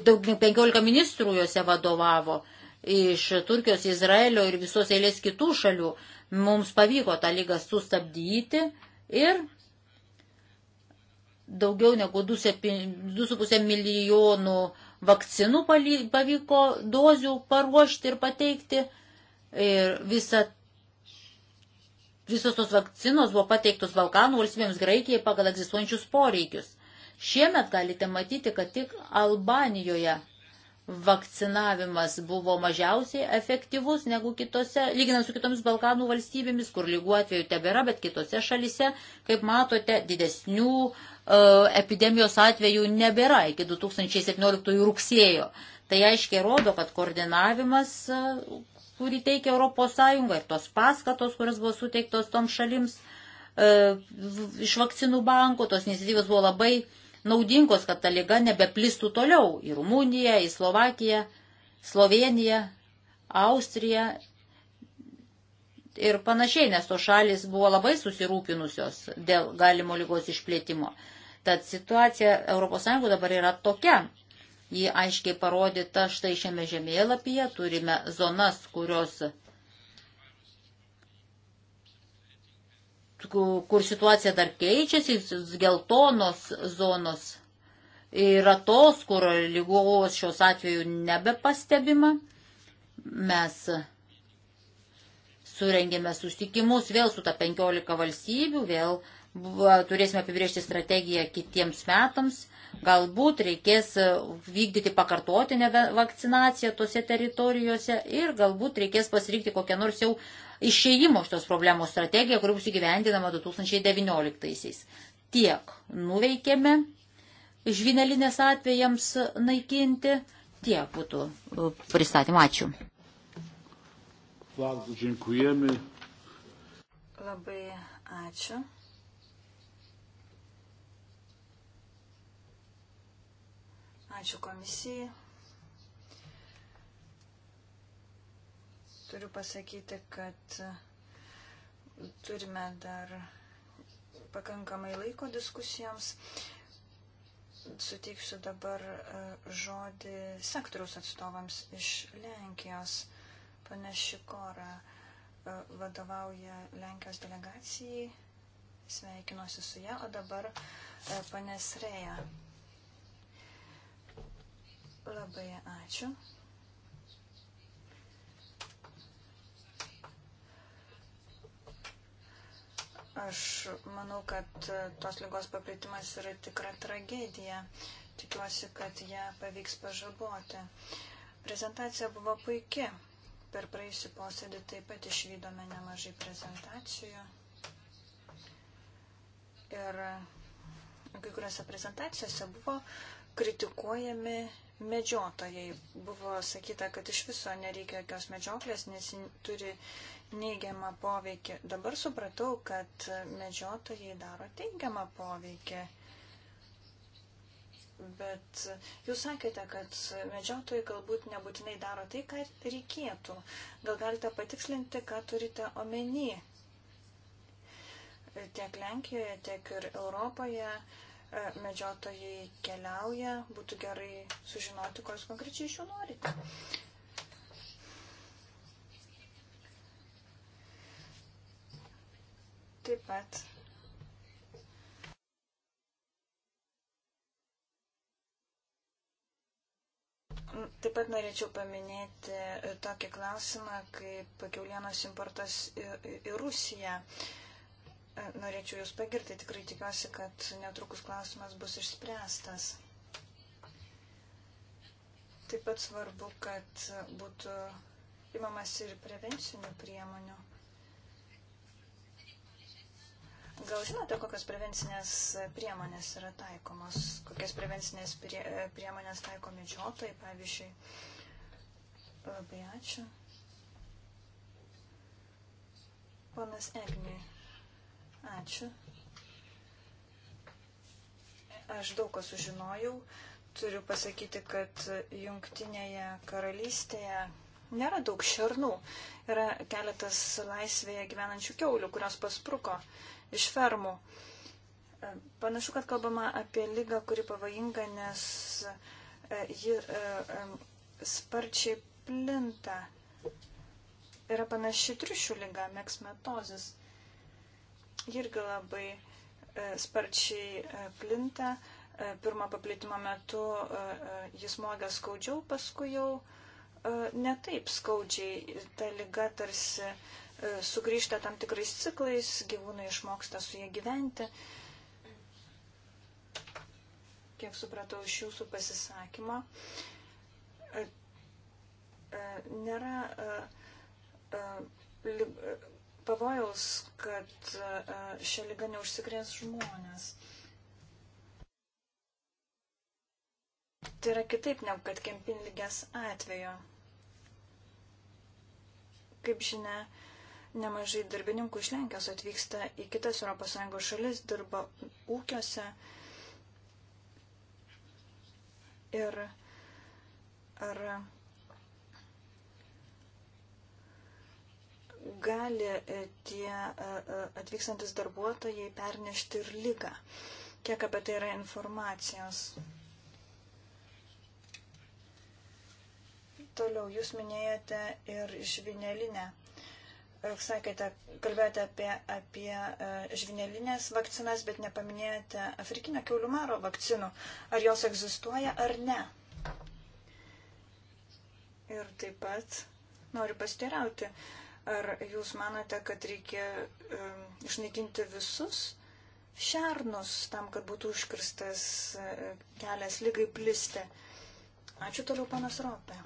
D: daugiau 15 ministrų juose vadovavo iš Turkijos, Izraelio ir visos eilės kitų šalių, mums pavyko tą lygą sustabdyti ir daugiau negu 2,5 milijonų vakcinų pavyko dozių paruošti ir pateikti. Ir visa, visos tos vakcinos buvo pateiktos Balkanų valstybėms Graikijai pagal egzistuojančius poreikius. Šiemet galite matyti, kad tik Albanijoje vakcinavimas buvo mažiausiai efektyvus negu kitose, lyginant su kitomis Balkanų valstybėmis, kur lygų atveju tebėra, bet kitose šalise, kaip matote, didesnių e, epidemijos atvejų nebėra iki 2017 rugsėjo. Tai aiškiai rodo, kad koordinavimas, e, kurį teikia ES ir tos paskatos, kurios buvo suteiktos tom šalims e, iš vakcinų banko, tos iniciatyvos buvo labai naudingos, kad ta lyga nebeplistų toliau į Rumuniją, į Slovakiją, Sloveniją, Austriją ir panašiai, nes to šalis buvo labai susirūpinusios dėl galimo lygos išplėtimo. Tad situacija ES dabar yra tokia. Ji aiškiai parodyta štai šiame žemėlapyje, turime zonas, kurios kur situacija dar keičiasi, geltonos zonos yra tos, kur lygos šios atveju nebepastebima. Mes surengėme sustikimus vėl su ta 15 valstybių, vėl turėsime apibriežti strategiją kitiems metams Galbūt reikės e, vykdyti pakartotinę vakcinaciją tose teritorijose ir galbūt reikės pasirinkti kokią nors jau išėjimo šios problemos strategiją, kuri bus įgyvendinama 2019-aisiais. Tiek nuveikėme žvinelinės atvejams naikinti, tiek būtų e, pristatymą. Ačiū. Labai dziękujemy.
A: Labai ačiū. Ačiū komisijai. Turiu pasakyti, kad turime dar pakankamai laiko diskusijoms. Suteiksiu dabar e, žodį sektoriaus atstovams iš Lenkijos. Pane Šikora e, vadovauja Lenkijos delegacijai. Sveikinuosi su ją, o dabar e, pane Sreja Labai ačiū. Aš manau, kad tos lygos paplitimas yra tikra tragedija. Tikiuosi, kad ją pavyks pažaboti. Prezentacija buvo puikia. Per praėjusį posėdį taip pat išvykome nemažai prezentacijų. Ir kai kuriuose prezentacijose buvo uh, kritikuojami medžiotojai. Buvo sakyta, kad iš viso nereikia jokios medžioklės, nes ji turi neigiamą poveikį. Dabar supratau, kad medžiotojai daro teigiamą poveikį. Bet jūs sakėte, kad medžiotojai galbūt nebūtinai daro tai, ką reikėtų. Gal galite patikslinti, ką turite omeny? Tiek Lenkijoje, tiek ir Europoje E, medžiotojai keliauja, būtų gerai sužinoti, ko jūs konkrečiai iš jų norite. Taip pat. Taip pat norėčiau paminėti e, tokį klausimą, kaip kiaulienos importas į, į Rusiją. Uh, norėčiau Jūs pagirti, tikrai tikiuosi, kad netrukus klausimas bus išspręstas. Taip pat svarbu, kad būtų imamas ir prevencinių priemonių. Gal žinote, kokios prevencinės priemonės yra taikomos, kokias prevencinės prie, priemonės taiko medžiotojai, pavyzdžiui. Labai ačiū. Ponas Egniui. Ačiū. Aš daug ko sužinojau. Turiu pasakyti, kad jungtinėje karalystėje nėra daug šernų. Yra keletas laisvėje gyvenančių keulių, kurios paspruko iš fermų. E, panašu, kad kalbama apie lygą, kuri pavojinga, nes e, ji e, sparčiai plinta. Yra panaši triušių lyga, meksmetozis irgi labai e, sparčiai e, plinta. E, pirmo paplitimo metu jis mogia skaudžiau, paskui jau netaip skaudžiai. Ta lyga tarsi sugrįžta tam tikrais ciklais, gyvūnai išmoksta su jie gyventi. Kiek supratau iš jūsų pasisakymo, nėra pavojaus, kad e, šią lygą neužsikrės žmonės. Tai yra kitaip negu kad kempinlygės atveju. Kaip žinia, nemažai darbininkų iš Lenkijos atvyksta į kitas ES šalis, dirba ūkiuose. Ir ar gali e, tie e, e, atvykstantis darbuotojai pernešti ir lygą? Kiek apie tai yra informacijos? Toliau, jūs minėjote ir žvinelinę sakėte, kalbėjote apie, apie žvinelinės vakcinas, bet nepaminėjote afrikinio keulių maro vakcinų. Ar jos egzistuoja ar ne? Ir taip pat noriu pasiteirauti, Ar jūs manote, kad reikia um, išnaikinti visus šernus tam, kad būtų užkirstas e, kelias lygai plisti? Ačiū toliau, panas Ropė.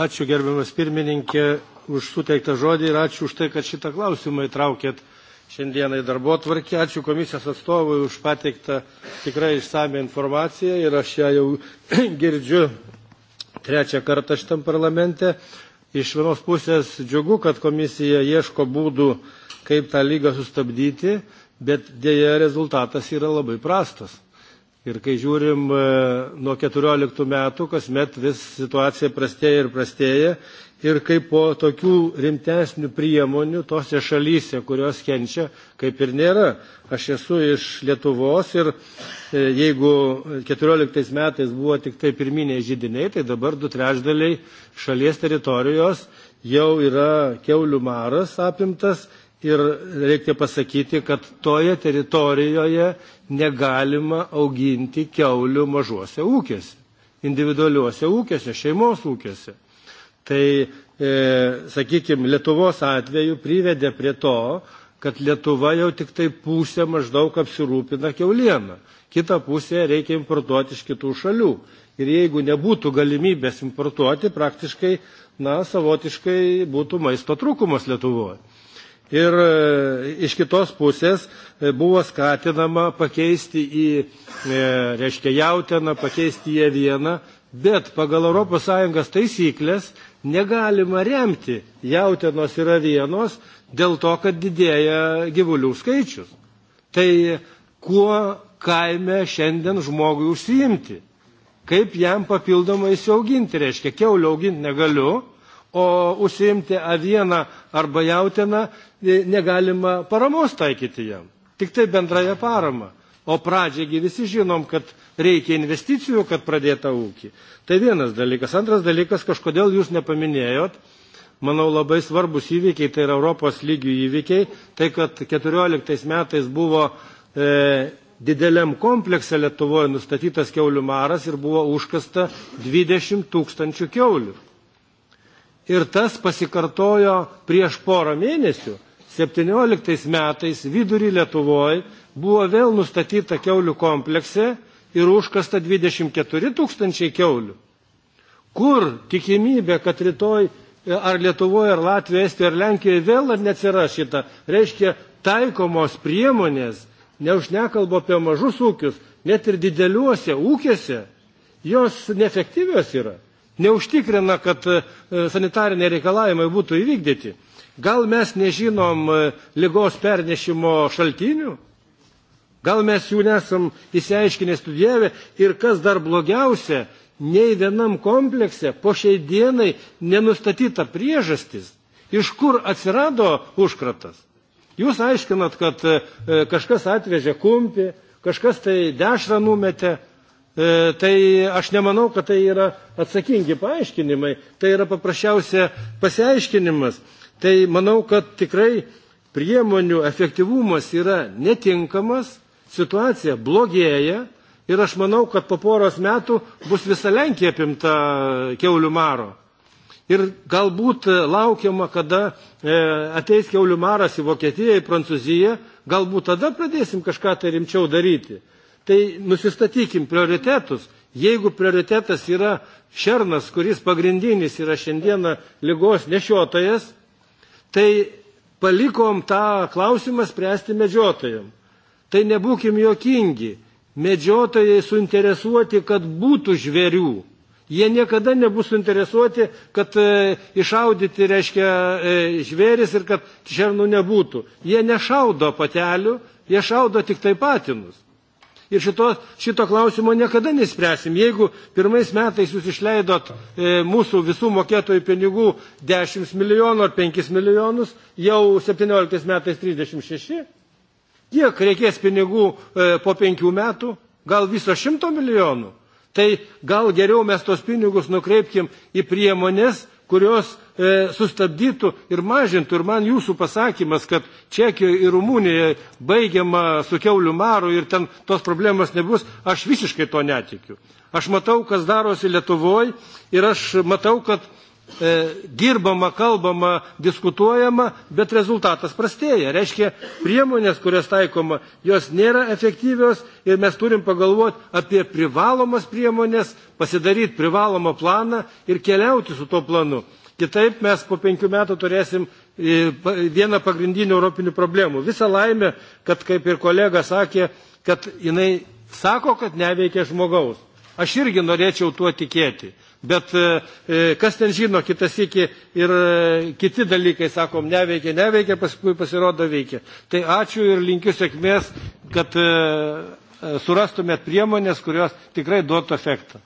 B: Ačiū gerbiamas pirmininkė už suteiktą žodį ir ačiū už tai, kad šitą klausimą įtraukėt šiandieną į darbo tvarkį. Ačiū komisijos atstovui už pateiktą tikrai išsame informaciją ir aš ją jau girdžiu trečią kartą šitam parlamente. Iš vienos pusės džiugu, kad komisija ieško būdų, kaip tą lygą sustabdyti, bet dėja rezultatas yra labai prastas. Ir kai žiūrim e, nuo 14 metų, kasmet vis situacija prastėja ir prastėja. Ir kaip po tokių rimtesnių priemonių tose šalyse, kurios kenčia, kaip ir nėra. Aš esu iš Lietuvos ir e, jeigu 14 metais buvo tik tai pirminiai žydiniai, tai dabar du trešdaliai šalies teritorijos jau yra keulių maras apimtas ir reikia pasakyti, kad toje teritorijoje negalima auginti keulių mažuose ūkiuose, individualiuose ūkiuose, šeimos ūkiuose. Tai, e, sakykime, Lietuvos atveju privedė prie to, kad Lietuva jau tik tai pusę maždaug apsirūpina keulieną, kitą pusę reikia importuoti iš kitų šalių. Ir jeigu nebūtų galimybės importuoti, praktiškai, na, savotiškai būtų maisto trūkumas Lietuvoje. Ir e, iš kitos pusės e, buvo skatinama pakeisti į, e, reiškia, jautieną, pakeisti į avieną, bet pagal ES taisyklės negalima remti jautienos ir avienos dėl to, kad didėja gyvulių skaičius. Tai kuo kaime šiandien žmogui užsiimti? Kaip jam papildomai įsiauginti? Reiškia, keulio auginti negaliu, o užsiimti avieną arba jautieną e, negalima paramos taikyti jam. Tik tai bendraja parama. O pradžiagi visi žinom, kad reikia investicijų, kad pradėta ūkį. Tai vienas dalykas. Antras dalykas, kažkodėl jūs nepaminėjot, manau labai svarbus įvykiai, tai yra Europos lygių įvykiai, tai kad 14 metais buvo e, dideliam komplekse Lietuvoje nustatytas keulių maras ir buvo užkasta 20 tūkstančių keulių ir tas pasikartojo prieš porą mėnesių. 17 metais vidurį Lietuvoje buvo vėl nustatyta keulių komplekse ir užkasta 24 tūkstančiai keulių. Kur tikimybė, kad rytoj e, ar Lietuvoje, ar Latvijoje, Estijoje, ar Lenkijoje vėl ar neatsiras šita. Reiškia, taikomos priemonės, neužnekalbu apie mažus ūkius, net ir dideliuose ūkiuose, jos neefektyvios yra neužtikrina, kad e, sanitariniai reikalavimai būtų įvykdyti. Gal mes nežinom e, lygos pernešimo šaltinių? Gal mes jų nesam įsiaiškinę studijavę ir kas dar blogiausia, nei vienam komplekse po šiai dienai nenustatyta priežastis, iš kur atsirado užkratas. Jūs aiškinat, kad e, kažkas atvežė kumpį, kažkas tai dešrą numetė, E, tai aš nemanau, kad tai yra atsakingi paaiškinimai, tai yra paprasčiausia pasiaiškinimas. Tai manau, kad tikrai priemonių efektyvumas yra netinkamas, situacija blogėja ir aš manau, kad po poros metų bus visa Lenkija apimta keulių maro. Ir galbūt laukiama, kada e, ateis keulių maras į Vokietiją, į Prancūziją, galbūt tada pradėsim kažką tai rimčiau daryti. Tai nusistatykim prioritetus. Jeigu prioritetas yra šernas, kuris pagrindinis yra šiandieną lygos nešiotojas, tai palikom tą klausimą spręsti medžiotojam. Tai nebūkim jokingi. Medžiotojai suinteresuoti, kad būtų žvėrių. Jie niekada nebus suinteresuoti, kad e, išaudyti reiškia e, žvėris ir kad šernų nebūtų. Jie nešaudo patelių, jie šaudo tik tai patinus ir šito, šito klausimo niekada nespręsim. Jeigu pirmais metais jūs išleidot e, mūsų visų mokėtojų pinigų 10 milijonų ar 5 milijonus, jau 17 metais 36, kiek reikės pinigų e, po 5 metų, gal viso 100 milijonų. Tai gal geriau mes tos pinigus nukreipkim į priemonės, kurios e, sustabdytų ir mažintų. Ir man jūsų pasakymas, kad Čekijoje ir Rumunijoje baigiama su keulių maru ir ten tos problemos nebus, aš visiškai to netikiu. Aš matau, kas darosi Lietuvoje ir aš matau, kad e, dirbama, kalbama, diskutuojama, bet rezultatas prastėja. Reiškia, priemonės, kurias taikoma, jos nėra efektyvios ir mes turim pagalvoti apie privalomas priemonės, pasidaryti privalomą planą ir keliauti su tuo planu. Kitaip mes po penkių metų turėsim e, vieną pagrindinių europinių problemų. Visa laimė, kad kaip ir kolega sakė, kad jinai sako, kad neveikia žmogaus. Aš irgi norėčiau tuo tikėti. Bet e, e, kas ten žino, kitas iki ir kiti dalykai, sakom, neveikia, neveikia, paskui pasirodo veikia. Tai ačiū ir linkiu sėkmės, kad surastumėt priemonės, kurios tikrai duotų efektą.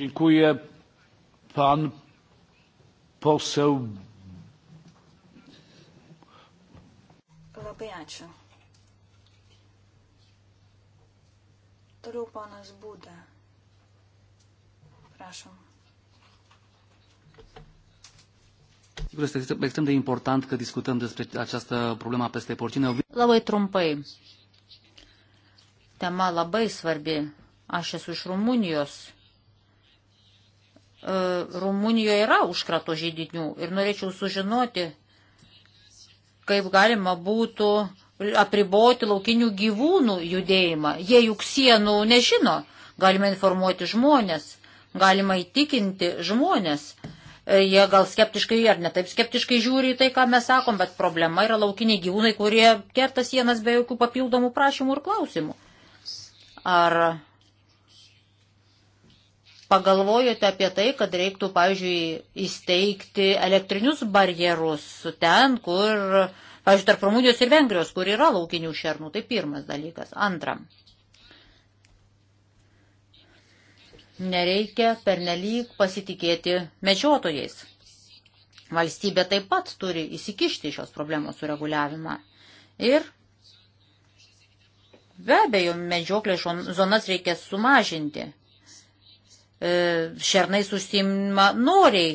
B: Dziękuję. Pan poseł.
A: Labai ačiū. Toliau ponas Būda.
D: Prašom.
C: Sigur, este extrem de important că discutăm despre această problemă a peste porcină.
D: Labai trumpai. Tema labai svarbi. Aš esu iš Rumunijos E, Rumunijoje yra užkrato žydinių ir norėčiau sužinoti, kaip galima būtų apriboti laukinių gyvūnų judėjimą. Jie juk sienų nežino. Galima informuoti žmonės, galima įtikinti žmonės. E, jie gal skeptiškai ar netaip skeptiškai žiūri į tai, ką mes sakom, bet problema yra laukiniai gyvūnai, kurie kerta sienas be jokių papildomų prašymų ir klausimų. Ar pagalvojote apie tai, kad reiktų, pavyzdžiui, įsteigti elektrinius barjerus ten, kur, pavyzdžiui, tarp Rumunijos ir Vengrijos, kur yra laukinių šernų. Tai pirmas dalykas. Antra. Nereikia pernelyg pasitikėti medžiotojais. Valstybė taip pat turi įsikišti šios problemos sureguliavimą. Ir be abejo, medžioklės zonas reikia sumažinti. E, šernais užsimma noriai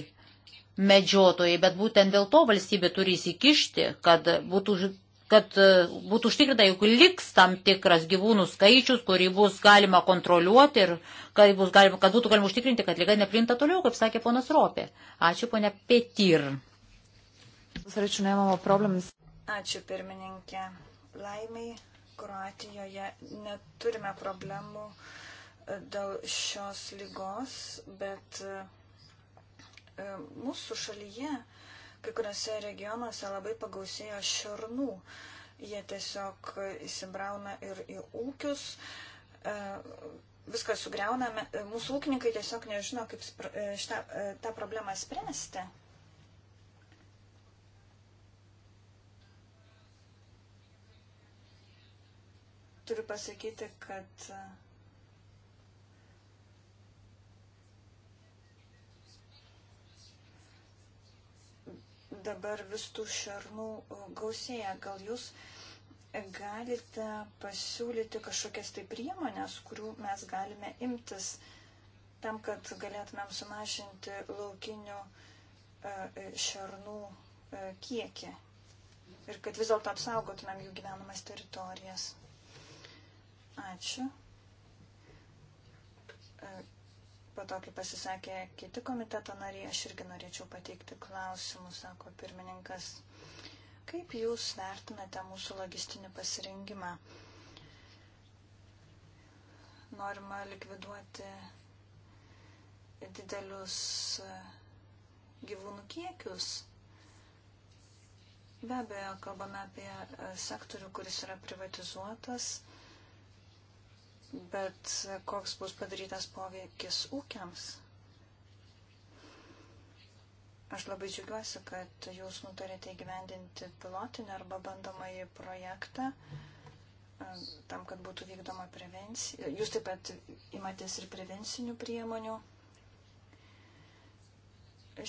D: medžiotojai, bet būtent dėl to valstybė turi įsikišti, kad būtų, kad e, būtų užtikrinta, jog liks tam tikras gyvūnų skaičius, kurį bus galima kontroliuoti ir kad, bus galima, kad būtų galima užtikrinti, kad lyga neplinta toliau, kaip sakė ponas Ropė. Ačiū, ponia Petir.
A: Ačiū, pirmininkė. Laimiai, Kroatijoje neturime problemų dėl šios lygos, bet e, mūsų šalyje, kai kuriuose regionuose labai pagausėjo šernų. Jie tiesiog įsibrauna ir į ūkius, e, viską sugriauname. E, mūsų ūkininkai tiesiog nežino, kaip šitą, tą problemą spręsti. Turiu pasakyti, kad uh, dabar vis tų šernų e, gausėja. Gal jūs galite pasiūlyti kažkokias tai priemonės, kurių mes galime imtis tam, kad galėtumėm sumažinti laukinių e, e, šernų kiekį ir kad vis dėlto apsaugotumėm jų gyvenamas teritorijas. Ačiū. Po to, kai pasisakė kiti komiteto nariai, aš irgi norėčiau pateikti klausimų, sako pirmininkas. Kaip Jūs vertinate mūsų logistinį pasirengimą? Norima likviduoti didelius e, gyvūnų kiekius. Be abejo, kalbame apie e, sektorių, kuris yra privatizuotas bet koks bus padarytas poveikis ūkiams. Aš labai džiugiuosi, kad jūs nutarėte įgyvendinti pilotinį arba bandomąjį projektą e, tam, kad būtų vykdoma prevencija. Jūs taip pat imatės ir prevencinių priemonių.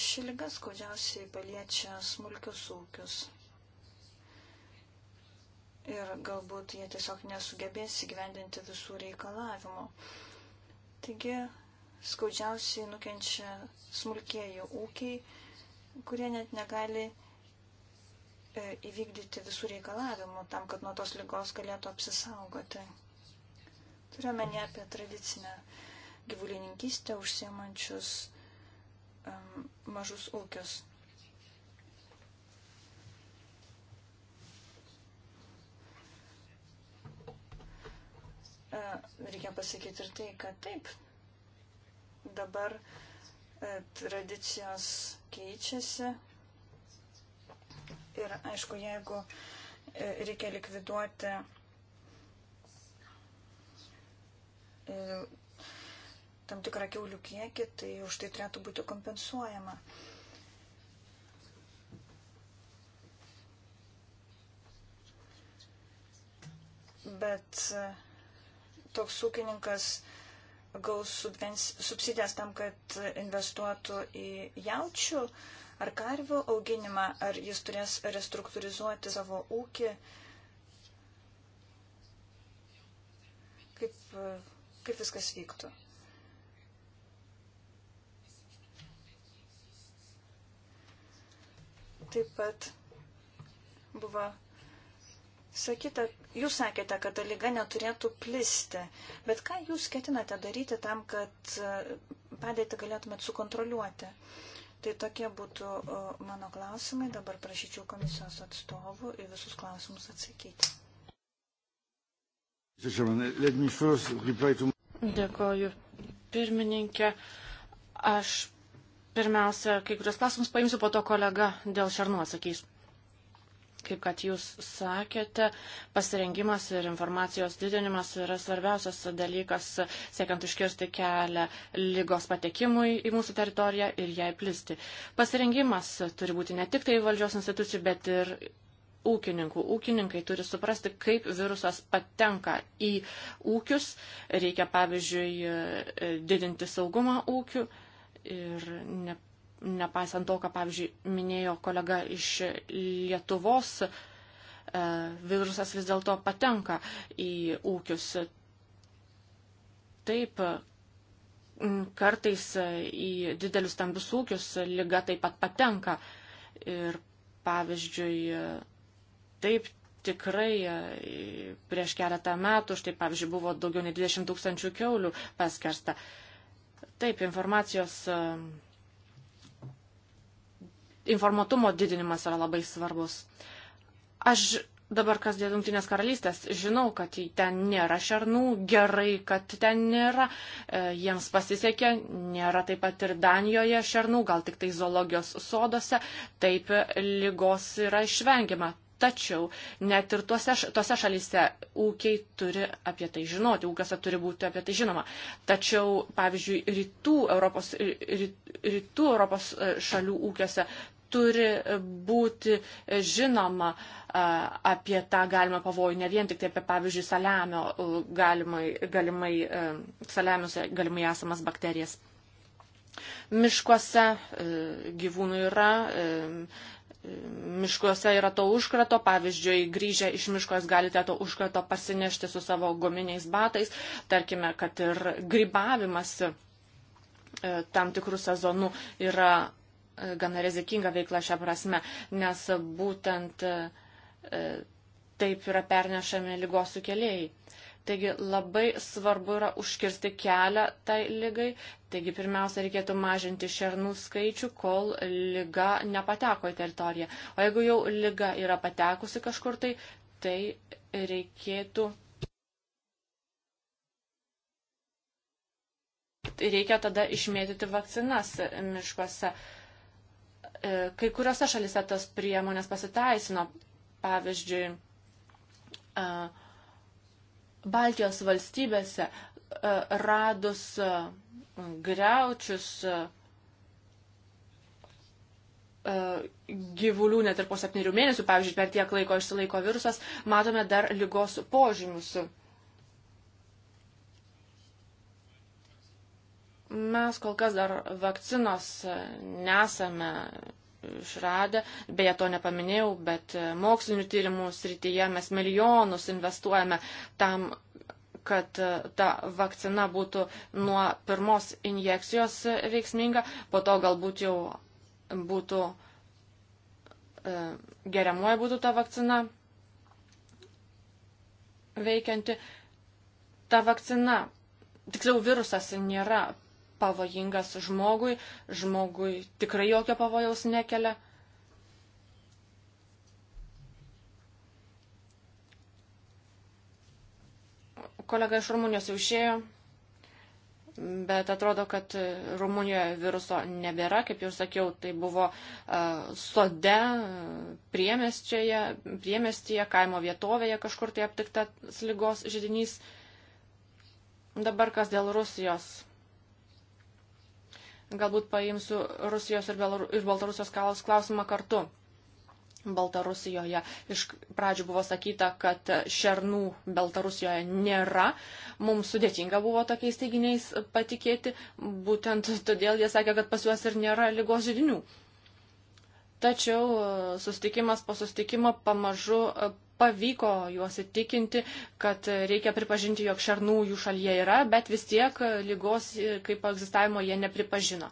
A: Ši lyga skaudžiausiai paliečia smulkius ūkius ir galbūt jie tiesiog nesugebės įgyvendinti visų reikalavimų. Taigi skaudžiausiai nukenčia smulkėjai ūkiai, kurie net negali e, įvykdyti visų reikalavimų tam, kad nuo tos lygos galėtų apsisaugoti. Turime ne apie tradicinę gyvulininkystę užsiemančius um, mažus ūkius. E, reikia pasakyti ir tai, kad taip, dabar e, tradicijos keičiasi ir aišku, jeigu e, reikia likviduoti tam tikrą keulių kiekį, tai už tai turėtų būti kompensuojama. Bet uh, toks ūkininkas gaus subsidijas tam, kad investuotų į jaučių ar karvių auginimą, ar jis turės restruktūrizuoti savo ūkį. Kaip, kaip viskas vyktų? Taip pat buvo Sakyta, jūs sakėte, kad ta lyga neturėtų plisti, bet ką jūs ketinate daryti tam, kad e, padėtį galėtumėt sukontroliuoti? Tai tokie būtų e, mano klausimai. Dabar prašyčiau komisijos atstovų į visus klausimus atsakyti.
C: Dėkoju, pirmininkė. Aš pirmiausia, kai kurios klausimus paimsiu, po to kolega dėl šarnų atsakys kaip kad jūs sakėte, pasirengimas ir informacijos didinimas yra svarbiausias dalykas, siekiant užkirsti kelią lygos patekimui į mūsų teritoriją ir jai plisti. Pasirengimas turi būti ne tik tai valdžios institucijų, bet ir ūkininkų. Ūkininkai turi suprasti, kaip virusas patenka į ūkius. Reikia, pavyzdžiui, didinti saugumą ūkių ir ne, nepaisant to, ką, pavyzdžiui, minėjo kolega iš Lietuvos, e, virusas vis dėlto patenka į ūkius. Taip, kartais į didelius stambius ūkius lyga taip pat patenka. Ir pavyzdžiui, taip tikrai e, prieš keletą metų, štai pavyzdžiui, buvo daugiau nei 20 tūkstančių keulių paskersta. Taip, informacijos e, informuotumo didinimas yra labai svarbus. Aš dabar, kas dėl Junktinės karalystės, žinau, kad ten nėra šernų, gerai, kad ten nėra, e, jiems pasisekė, nėra taip pat ir Danijoje šernų, gal tik tai zoologijos sodose, taip lygos yra išvengiama. Tačiau net ir tuose, tuose šalyse ūkiai turi apie tai žinoti, ūkiuose turi būti apie tai žinoma. Tačiau, pavyzdžiui, rytų Europos, rytų Europos e, šalių ūkiuose turi būti žinoma apie tą galimą pavojų, ne vien tik tai apie, pavyzdžiui, saliamio galimai, galimai, saliamius galimai esamas bakterijas. Miškuose gyvūnų yra, miškuose yra to užkrato, pavyzdžiui, grįžę iš miško jūs galite to užkrato pasinešti su savo guminiais batais, tarkime, kad ir grybavimas e, tam tikrų sezonų yra gana rizikinga veikla šią prasme, nes būtent e, taip yra pernešami lygos sukėlėjai. Taigi labai svarbu yra užkirsti kelią tai lygai. Taigi pirmiausia, reikėtų mažinti šernų skaičių, kol lyga nepateko į teritoriją. O jeigu jau lyga yra patekusi kažkur tai, tai reikėtų. Tai reikia tada išmėtyti vakcinas miškuose. E, kai kuriuose šalise tas priemonės pasiteisino. Pavyzdžiui, e, Baltijos valstybėse e, radus greučius gyvulių net ir po septynių mėnesių, pavyzdžiui, per tiek laiko išsilaiko virusas, matome dar lygos požymius. Mes kol kas dar vakcinos nesame išradę, beje to nepaminėjau, bet mokslinių tyrimų srityje mes milijonus investuojame tam, kad ta vakcina būtų nuo pirmos injekcijos veiksminga, po to galbūt jau būtų e, geriamoji būtų ta vakcina veikianti. Ta vakcina, tiksliau virusas nėra pavojingas žmogui, žmogui tikrai jokio pavojaus nekelia. Kolega iš Rumunijos jau išėjo, bet atrodo, kad Rumunijoje viruso nebėra, kaip jau sakiau, tai buvo uh, sode, priemestyje, kaimo vietovėje kažkur tai aptiktas lygos žydinys. Dabar kas dėl Rusijos Galbūt paimsiu Rusijos ir, Belar ir Baltarusijos klausimą kartu. Baltarusijoje iš pradžių buvo sakyta, kad šernų Baltarusijoje nėra. Mums sudėtinga buvo tokiais teiginiais patikėti, būtent todėl jie sakė, kad pas juos ir nėra lygos žydinių tačiau e, susitikimas po susitikimo pamažu e, pavyko juos įtikinti, kad reikia pripažinti, jog šernų jų šalyje yra, bet vis tiek e, lygos kaip egzistavimo jie nepripažino.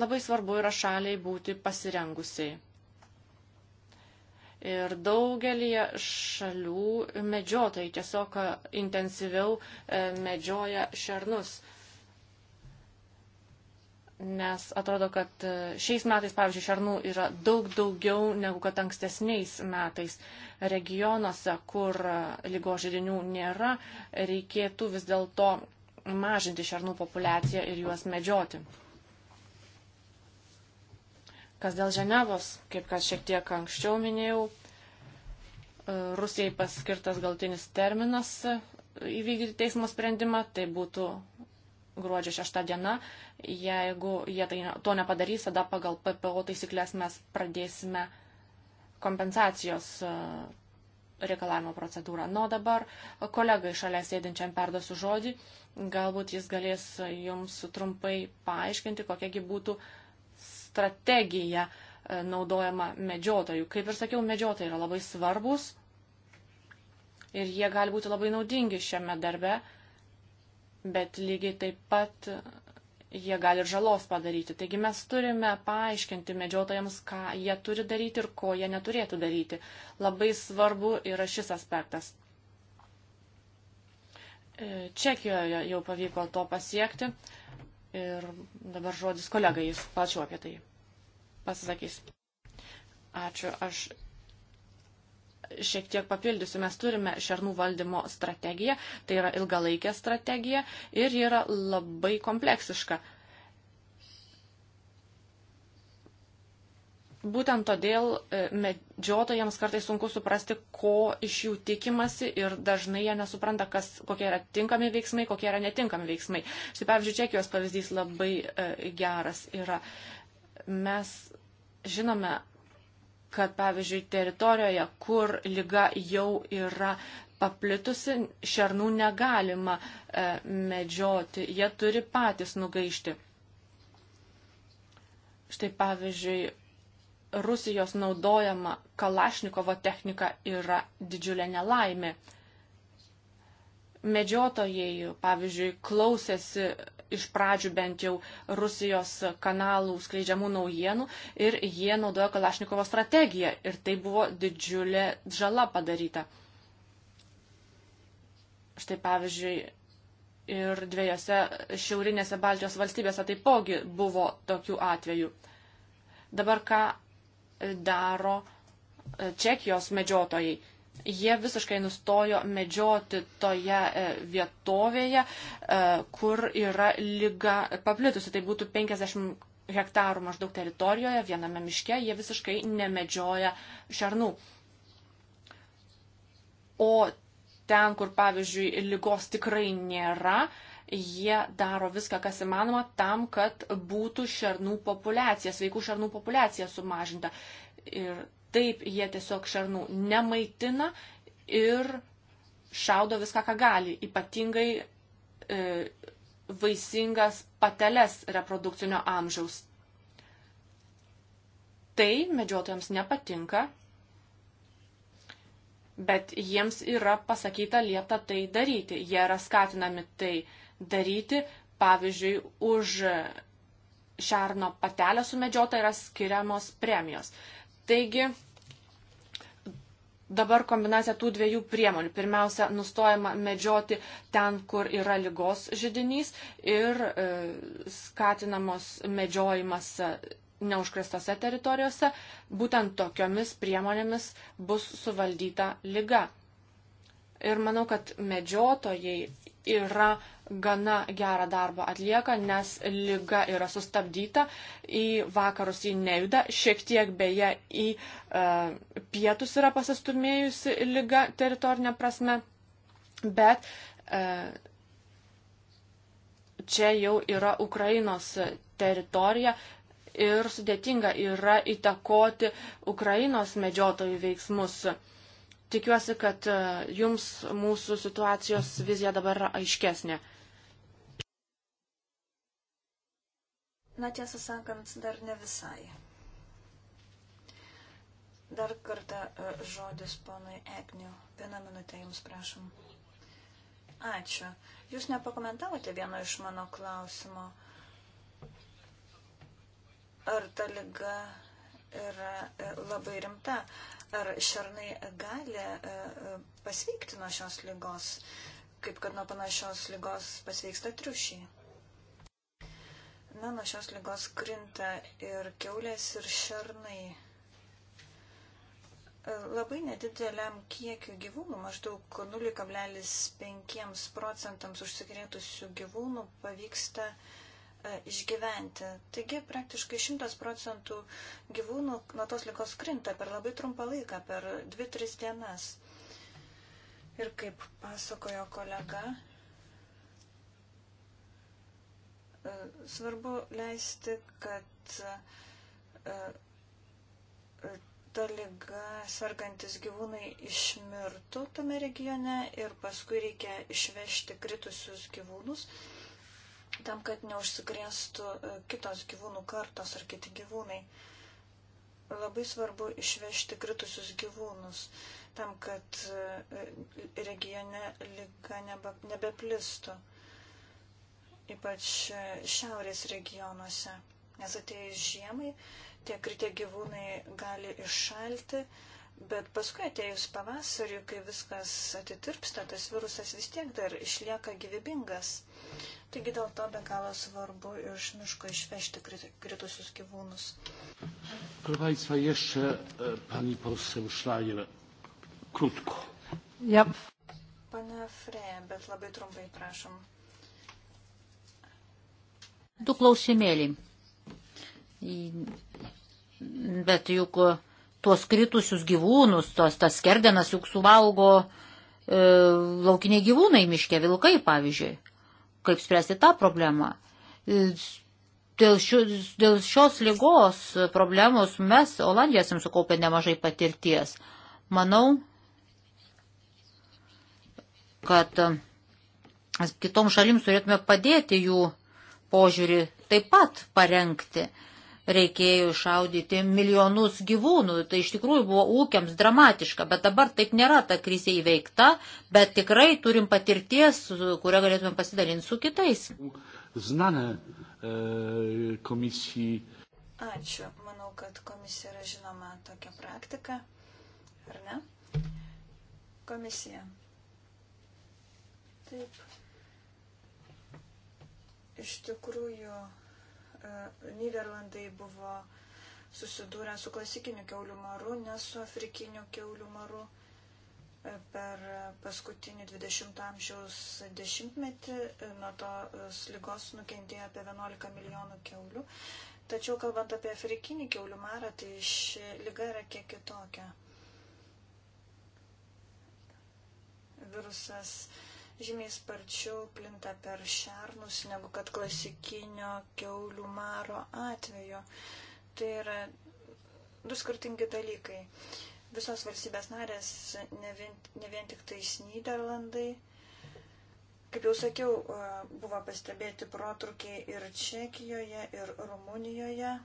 C: Labai svarbu yra šaliai būti pasirengusiai. Ir daugelį šalių medžiotojai tiesiog intensyviau medžioja šernus nes atrodo, kad e, šiais metais, pavyzdžiui, šarnų yra daug daugiau negu kad ankstesniais metais. Regionuose, kur e, lygo žydinių nėra, reikėtų vis dėlto mažinti šarnų populiaciją ir juos medžioti. Kas dėl Ženevos, kaip kad šiek tiek anksčiau minėjau, e, Rusijai paskirtas galtinis terminas įvykdyti teismo sprendimą, tai būtų gruodžio 6 diena. Jeigu jie tai, to nepadarys, tada pagal PPO taisyklės mes pradėsime kompensacijos e, reikalavimo procedūrą. Nuo dabar kolegai šalia sėdinčiam perdosiu žodį, galbūt jis galės jums trumpai paaiškinti, kokiagi būtų strategija e, naudojama medžiotojų. Kaip ir sakiau, medžiotojai yra labai svarbus ir jie gali būti labai naudingi šiame darbe bet lygiai taip pat jie gali ir žalos padaryti. Taigi mes turime paaiškinti medžiotojams, ką jie turi daryti ir ko jie neturėtų daryti. Labai svarbu yra šis aspektas. E, Čekijoje jau pavyko to pasiekti ir dabar žodis kolegai, jis plačiau apie tai pasisakys. Ačiū, aš šiek tiek papildysiu. Mes turime šernų valdymo strategiją, tai yra ilgalaikė strategija ir ji yra labai kompleksiška. Būtent todėl e, medžiotojams kartais sunku suprasti, ko iš jų tikimasi ir dažnai jie nesupranta, kas, kokie yra tinkami veiksmai, kokie yra netinkami veiksmai. Štai pavyzdžiui, Čekijos pavyzdys labai e, geras yra. Mes žinome kad pavyzdžiui teritorijoje, kur lyga jau yra paplitusi, šernų negalima e, medžioti, jie turi patys nugaišti. Štai pavyzdžiui, Rusijos naudojama Kalašnikovo technika yra didžiulė nelaimė. Medžiotojai, pavyzdžiui, klausėsi iš pradžių bent jau Rusijos kanalų skleidžiamų naujienų ir jie naudojo Kalašnikovo strategiją ir tai buvo didžiulė žala padaryta. Štai pavyzdžiui, ir dviejose šiaurinėse Baltijos valstybėse taipogi buvo tokių atvejų. Dabar ką daro Čekijos medžiotojai? jie visiškai nustojo medžioti toje e, vietovėje, e, kur yra lyga paplitusi. Tai būtų 50 hektarų maždaug teritorijoje, viename miške, jie visiškai nemedžioja šernų. O ten, kur, pavyzdžiui, lygos tikrai nėra, jie daro viską, kas įmanoma, tam, kad būtų šernų populiacija, sveikų šernų populiacija sumažinta. Ir Taip jie tiesiog šernų nemaitina ir šaudo viską, ką gali, ypatingai e, vaisingas pateles reprodukcinio amžiaus. Tai medžiotojams nepatinka, bet jiems yra pasakyta liepta tai daryti. Jie yra skatinami tai daryti. Pavyzdžiui, už šerno patelę sumedžiotą yra skiriamos premijos. E, Taigi, dabar kombinacija tų dviejų priemonių. Pirmiausia, nustojama medžioti ten, kur yra lygos žydinys ir e, skatinamos medžiojimas e, neužkrestose teritorijose. Būtent tokiomis priemonėmis bus suvaldyta lyga. Ir manau, kad medžiotojai yra gana gerą darbą atlieka, nes lyga yra sustabdyta, į vakarus jį nejuda, šiek tiek beje į e, pietus yra pasistumėjusi lyga teritorinė prasme, bet e, čia jau yra Ukrainos teritorija. Ir sudėtinga yra įtakoti Ukrainos medžiotojų veiksmus. E, Tikiuosi, kad e, jums mūsų situacijos vizija dabar yra aiškesnė.
A: Na tiesą sakant, dar ne visai. Dar kartą e, žodis ponui Egniu. Vieną minutę jums prašom. Ačiū. Jūs nepakomentavote vieno iš mano klausimo. Ar ta lyga yra e, labai rimta. Ar šernai gali e, e, pasveikti nuo šios lygos, kaip kad nuo panašios lygos pasveiksta triušiai? Na, nuo šios lygos krinta ir keulės, ir šernai. Labai nedideliam kiekiu gyvūnų, maždaug 0,5 procentams užsikrėtusių gyvūnų pavyksta uh, E, išgyventi. Taigi praktiškai 100 procentų gyvūnų nuo tos likos krinta per labai trumpą laiką, per 2-3 dienas. Ir kaip pasakojo kolega, e, svarbu leisti, kad e, ta lyga sergantis gyvūnai išmirtų tame regione ir paskui reikia išvežti kritusius gyvūnus tam, kad neužsikrėstų e, kitos gyvūnų kartos ar kiti gyvūnai. Labai svarbu išvežti kritusius gyvūnus tam, kad e, regione lyga nebeplistų, ypač e, šiaurės regionuose, nes atėjus žiemai tie kritė gyvūnai gali iššalti, bet paskui atėjus pavasariu, kai viskas atitirpsta, tas virusas vis tiek dar išlieka gyvybingas. Taigi dėl to be galo svarbu iš miško išvežti kritusius gyvūnus.
B: Proszę Państwa, jeszcze e, pani poseł Schreier krótko.
D: Yep.
A: Pane Freja, bet labai trumpai prašom.
D: Du klausimėlį. Bet juk tuos kritusius gyvūnus, tos, tas skerdenas juk suvalgo e, laukiniai gyvūnai miške, vilkai pavyzdžiui kaip spręsti tą problemą. Dėl, šio, dėl šios lygos problemos mes Olandijos jums sukaupė nemažai patirties. Manau, kad e, kitom šalims turėtume padėti jų požiūrį taip pat parengti reikėjo išaudyti milijonus gyvūnų. Tai iš tikrųjų buvo ūkiams dramatiška, bet dabar taip nėra, ta krizė įveikta, bet tikrai turim patirties, kurią galėtume pasidalinti su kitais.
B: Znane e, komisijai.
A: Ačiū. Manau, kad komisija yra žinoma tokia praktika, ar ne? Komisija. Taip. Iš tikrųjų E, Niderlandai buvo susidūrę su klasikiniu keulių maru, ne su afrikiniu keulių maru. E, per paskutinį 20 amžiaus dešimtmetį e, nuo tos lygos nukentėjo apie 11 milijonų keulių. Tačiau kalbant apie afrikinį keulių marą, tai ši lyga yra kiek kitokia. Virusas uh, žymiai sparčiau plinta per šernus negu kad klasikinio keulių maro atveju. Tai yra du skirtingi dalykai. Visos valstybės narės, ne vien, ne vien tik tais Niderlandai, kaip jau sakiau, buvo pastebėti protrukiai ir Čekijoje, ir Rumunijoje.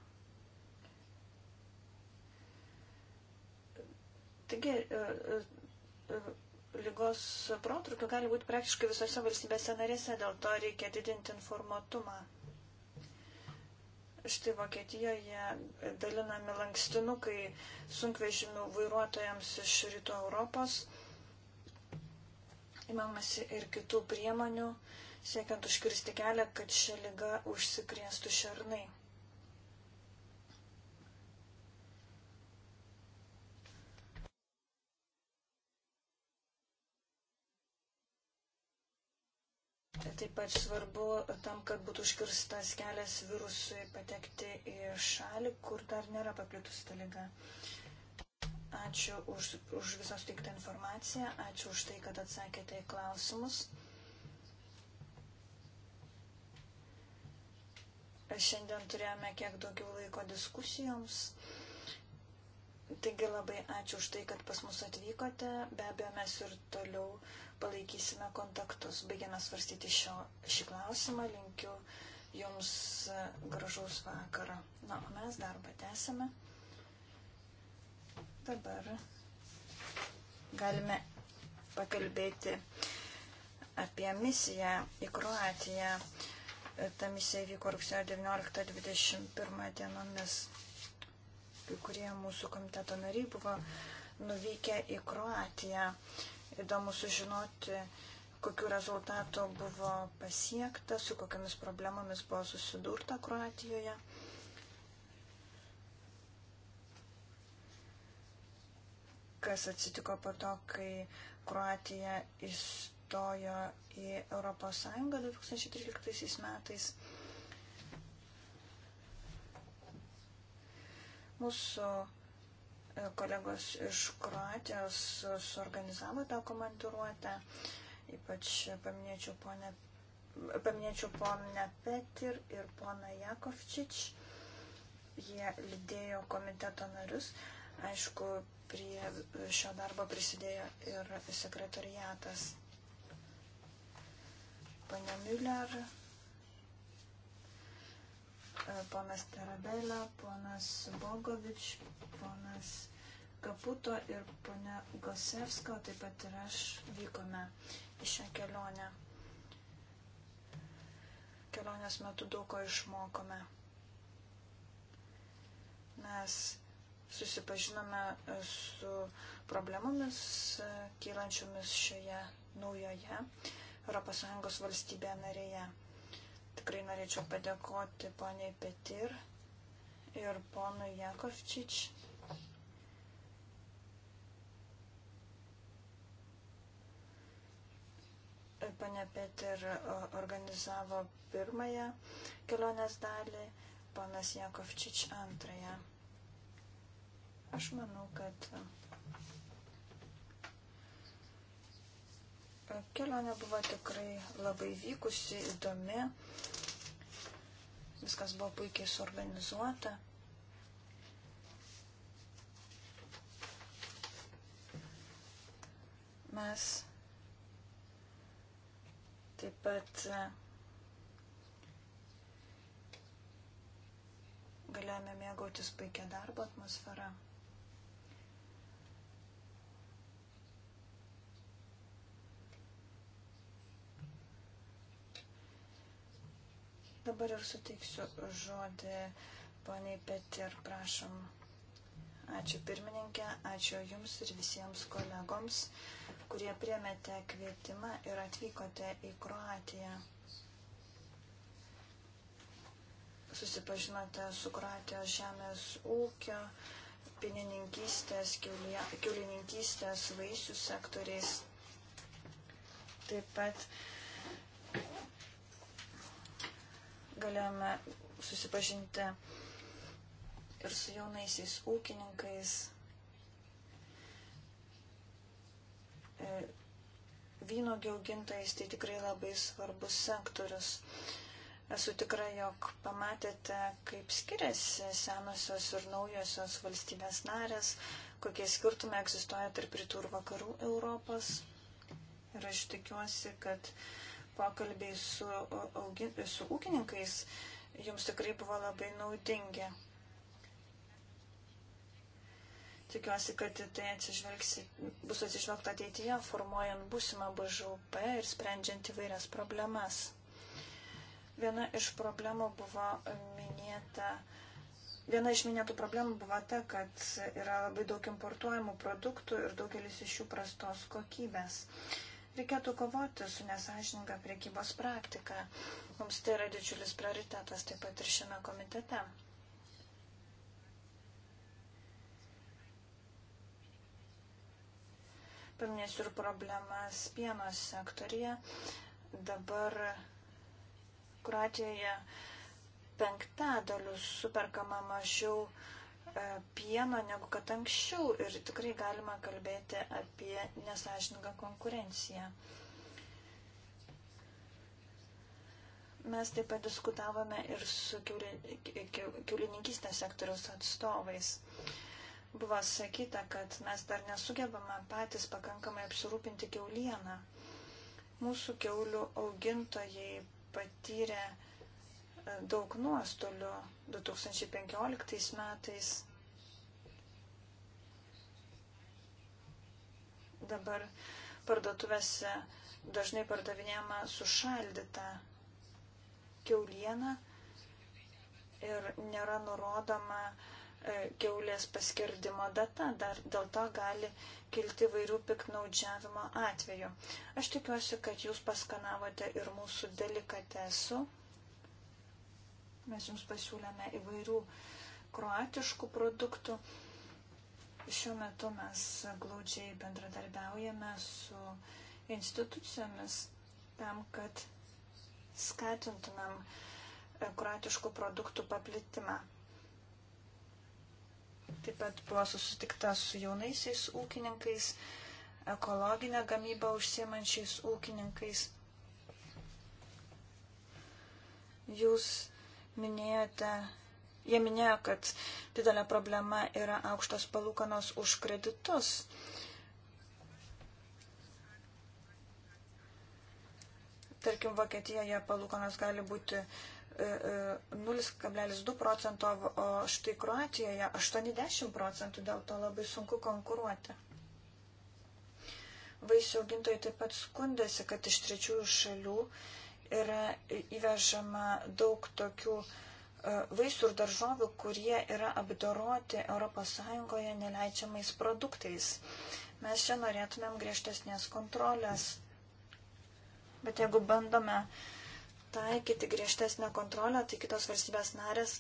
A: Taigi, lygos protrukio gali būti praktiškai visose valstybėse narėse, dėl to reikia didinti informatumą. Štai Vokietijoje dalinami lankstinukai sunkvežimių vairuotojams iš rytų Europos. Imamasi ir kitų priemonių, siekiant užkirsti kelią, kad šią lygą užsikrėstų šernai. Tai taip pat svarbu tam, kad būtų užkirstas kelias virusui patekti į šalį, kur dar nėra paplitusi ta lyga. Ačiū už, už visą suteiktą informaciją, ačiū už tai, kad atsakėte į klausimus. Šiandien turėjome kiek daugiau laiko diskusijoms. Taigi labai ačiū už tai, kad pas mus atvykote. Be abejo, mes ir toliau palaikysime kontaktus. Baigiame svarstyti šio, šį klausimą. Linkiu Jums e, gražaus vakaro. Na, o mes darbą tęsime. Dabar galime pakalbėti apie misiją į Kroatiją. Ta misija vyko rugsėjo 19-21 dienomis. Kai kurie mūsų komiteto nariai buvo nuvykę į Kroatiją. Įdomu sužinoti, kokiu rezultatu buvo pasiekta, su kokiamis problemomis buvo susidurta Kroatijoje. Kas atsitiko po to, kai Kroatija įstojo į Europos Sąjungą 2013 metais. Mūsų e, kolegos iš Kroatijos suorganizavo tą komandiruotę. Ypač paminėčiau ponę, paminėčiau ponę Petir ir poną Jakovčič. Jie lydėjo komiteto narius. Aišku, prie šio darbo prisidėjo ir sekretariatas. Pane Müller, ponas Tarabela, ponas Bogovič, ponas Kaputo ir ponia Gosevska, taip pat ir aš vykome į šią kelionę. Kelionės metu daug ko išmokome. Mes susipažinome su problemomis e, kylančiomis šioje naujoje ES valstybėje narėje. Tikrai norėčiau padėkoti poniai Petir ir ponui Jakovčič. Pane Petir organizavo pirmąją kelionės dalį, ponas Jakovčič antrąją. Aš manau, kad Kelionė buvo tikrai labai vykusi, įdomi. Viskas buvo puikiai suorganizuota. Mes taip pat e, galėjome mėgautis puikia darbo atmosfera. Dabar ir suteiksiu žodį poniai Petir, prašom. Ačiū pirmininkė, ačiū Jums ir visiems kolegoms, kurie priemėte kvietimą ir atvykote į Kroatiją. Susipažinote su Kroatijos žemės ūkio, pinininkystės, kiaulininkystės, vaisių sektoriais. Taip pat galėjome susipažinti ir su jaunaisiais ūkininkais. E, Vynogių augintojais tai tikrai labai svarbus sektorius. Esu tikra, jog pamatėte, kaip skiriasi senosios ir naujosios valstybės narės, kokie skirtumai egzistuoja tarp rytų ir vakarų Europos. Ir aš tikiuosi, kad uh, pokalbiai su, augin, su ūkininkais jums tikrai buvo labai naudingi. Tikiuosi, kad tai atsižvelgsi, bus atsižvelgta ateityje, formuojant būsimą BŽUP ir sprendžiant įvairias problemas. Viena iš problemų buvo minėta, viena iš minėtų problemų buvo ta, kad yra labai daug importuojamų produktų ir daugelis iš jų prastos kokybės. Uh, Reikėtų kovoti su nesažininga priekybos praktika. Mums tai yra didžiulis prioritetas taip pat ir šiame komitete. Paminėsiu ir problemas pieno sektorija. Dabar Kroatijoje penktadalius superkama mažiau uh, E, pieno negu kad anksčiau ir tikrai galima kalbėti apie nesažiningą konkurenciją. Mes taip pat diskutavome ir su kiaulininkystės sektoriaus atstovais. Buvo sakyta, kad mes dar nesugebame patys pakankamai apsirūpinti keulieną. Mūsų keulių augintojai patyrė uh, daug nuostolių 2015 metais. Dabar parduotuvėse dažnai pardavinėjama sušaldyta keuliena ir nėra nurodoma e, keulės paskirdimo data, dar dėl to gali kilti vairių piknaudžiavimo atveju. Aš tikiuosi, kad jūs paskanavote ir mūsų delikatesų Mes jums pasiūlėme įvairių kroatiškų produktų. Šiuo metu mes glaudžiai bendradarbiaujame su institucijomis tam, kad skatintumėm e, kroatiškų produktų paplitimą. Taip pat buvo susitikta su jaunaisiais ūkininkais, ekologinę gamybą užsiemančiais ūkininkais. Jūs minėjote, jie minėjo, kad didelė problema yra aukštos palūkanos už kreditus. Tarkim, Vokietijoje palūkanos gali būti 0,2 e, e, procento, o štai Kroatijoje 80 procentų, dėl to labai sunku konkuruoti. Vaisių augintojai taip pat skundėsi, kad iš trečiųjų šalių uh, yra įvežama daug tokių e, vaisių ir daržovių, kurie yra apdoroti ES neleidžiamais produktais. Mes čia norėtumėm griežtesnės kontrolės. Bet jeigu bandome taikyti griežtesnę kontrolę, tai kitos valstybės narės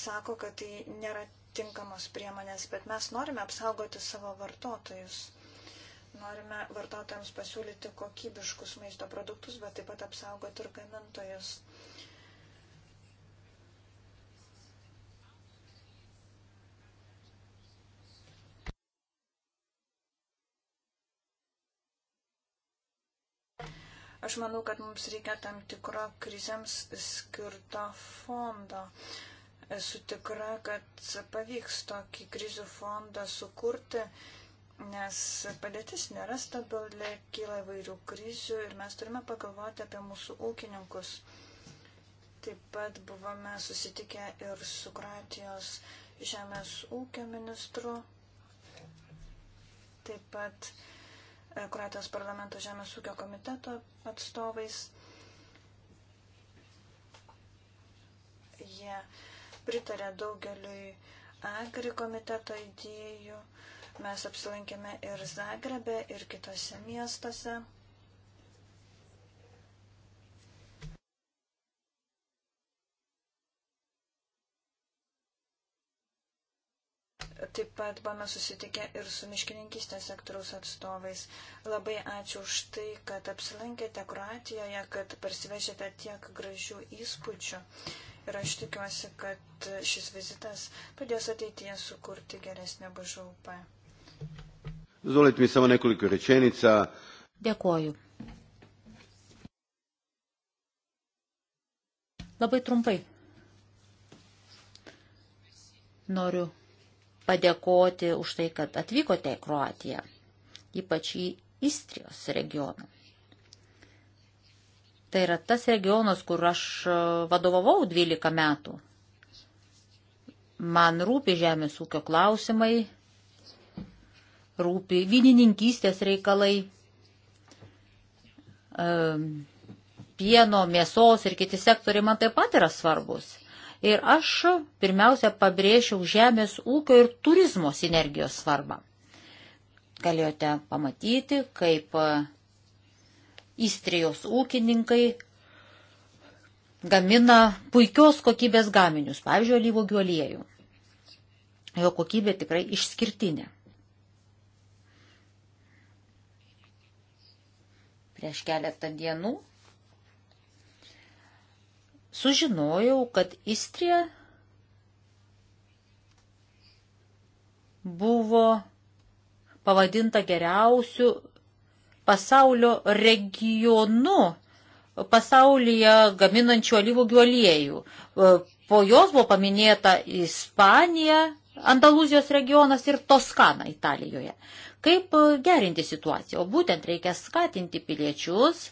A: sako, kad tai nėra tinkamos priemonės, bet mes norime apsaugoti savo vartotojus. Norime vartotojams pasiūlyti kokybiškus maisto produktus, bet taip pat apsaugoti ir gamintojus. Aš manau, kad mums reikia tam tikro krizėms skirto fondo. Esu tikra, kad pavyks tokį krizių fondą sukurti nes padėtis nėra stabili, kyla įvairių krizių ir mes turime pagalvoti apie mūsų ūkininkus. Taip pat buvome susitikę ir su Kroatijos žemės ūkio ministru, taip pat e, Kroatijos parlamento žemės ūkio komiteto atstovais. Jie pritarė daugeliui agri komiteto idėjų Mes apsilankėme ir Zagrebe, ir kitose miestuose. Taip pat buvome susitikę ir su miškininkystės sektoriaus atstovais. Labai ačiū už tai, kad apsilankėte Kroatijoje, kad parsivežėte tiek gražių įspūdžių. Ir aš tikiuosi, kad šis vizitas padės ateityje sukurti geresnę BŽUP.
B: Zvolite mi samo nekoliko rečenica.
D: Dėkoju. Labai trumpai. Noriu padėkoti už tai, kad atvykote į Kroatiją, ypač į Istrijos regioną. Tai yra tas regionas, kur aš e, vadovavau 12 metų. Man rūpi žemės ūkio klausimai, rūpi vynininkystės reikalai, e, pieno, mėsos ir kiti sektoriai man taip pat yra svarbus. Ir aš pirmiausia pabrėžiau žemės ūkio ir turizmo sinergijos svarbą. Galėjote pamatyti, kaip įstrijos e, ūkininkai gamina puikios kokybės gaminius, pavyzdžiui, alyvogių aliejų. Jo kokybė tikrai išskirtinė. prieš keletą dienų sužinojau, kad Istrija buvo pavadinta geriausiu pasaulio regionu pasaulyje gaminančių alyvogių aliejų. Po jos buvo paminėta Ispanija, Andalūzijos regionas ir Toskana Italijoje. Kaip e, gerinti situaciją? O būtent reikia skatinti piliečius,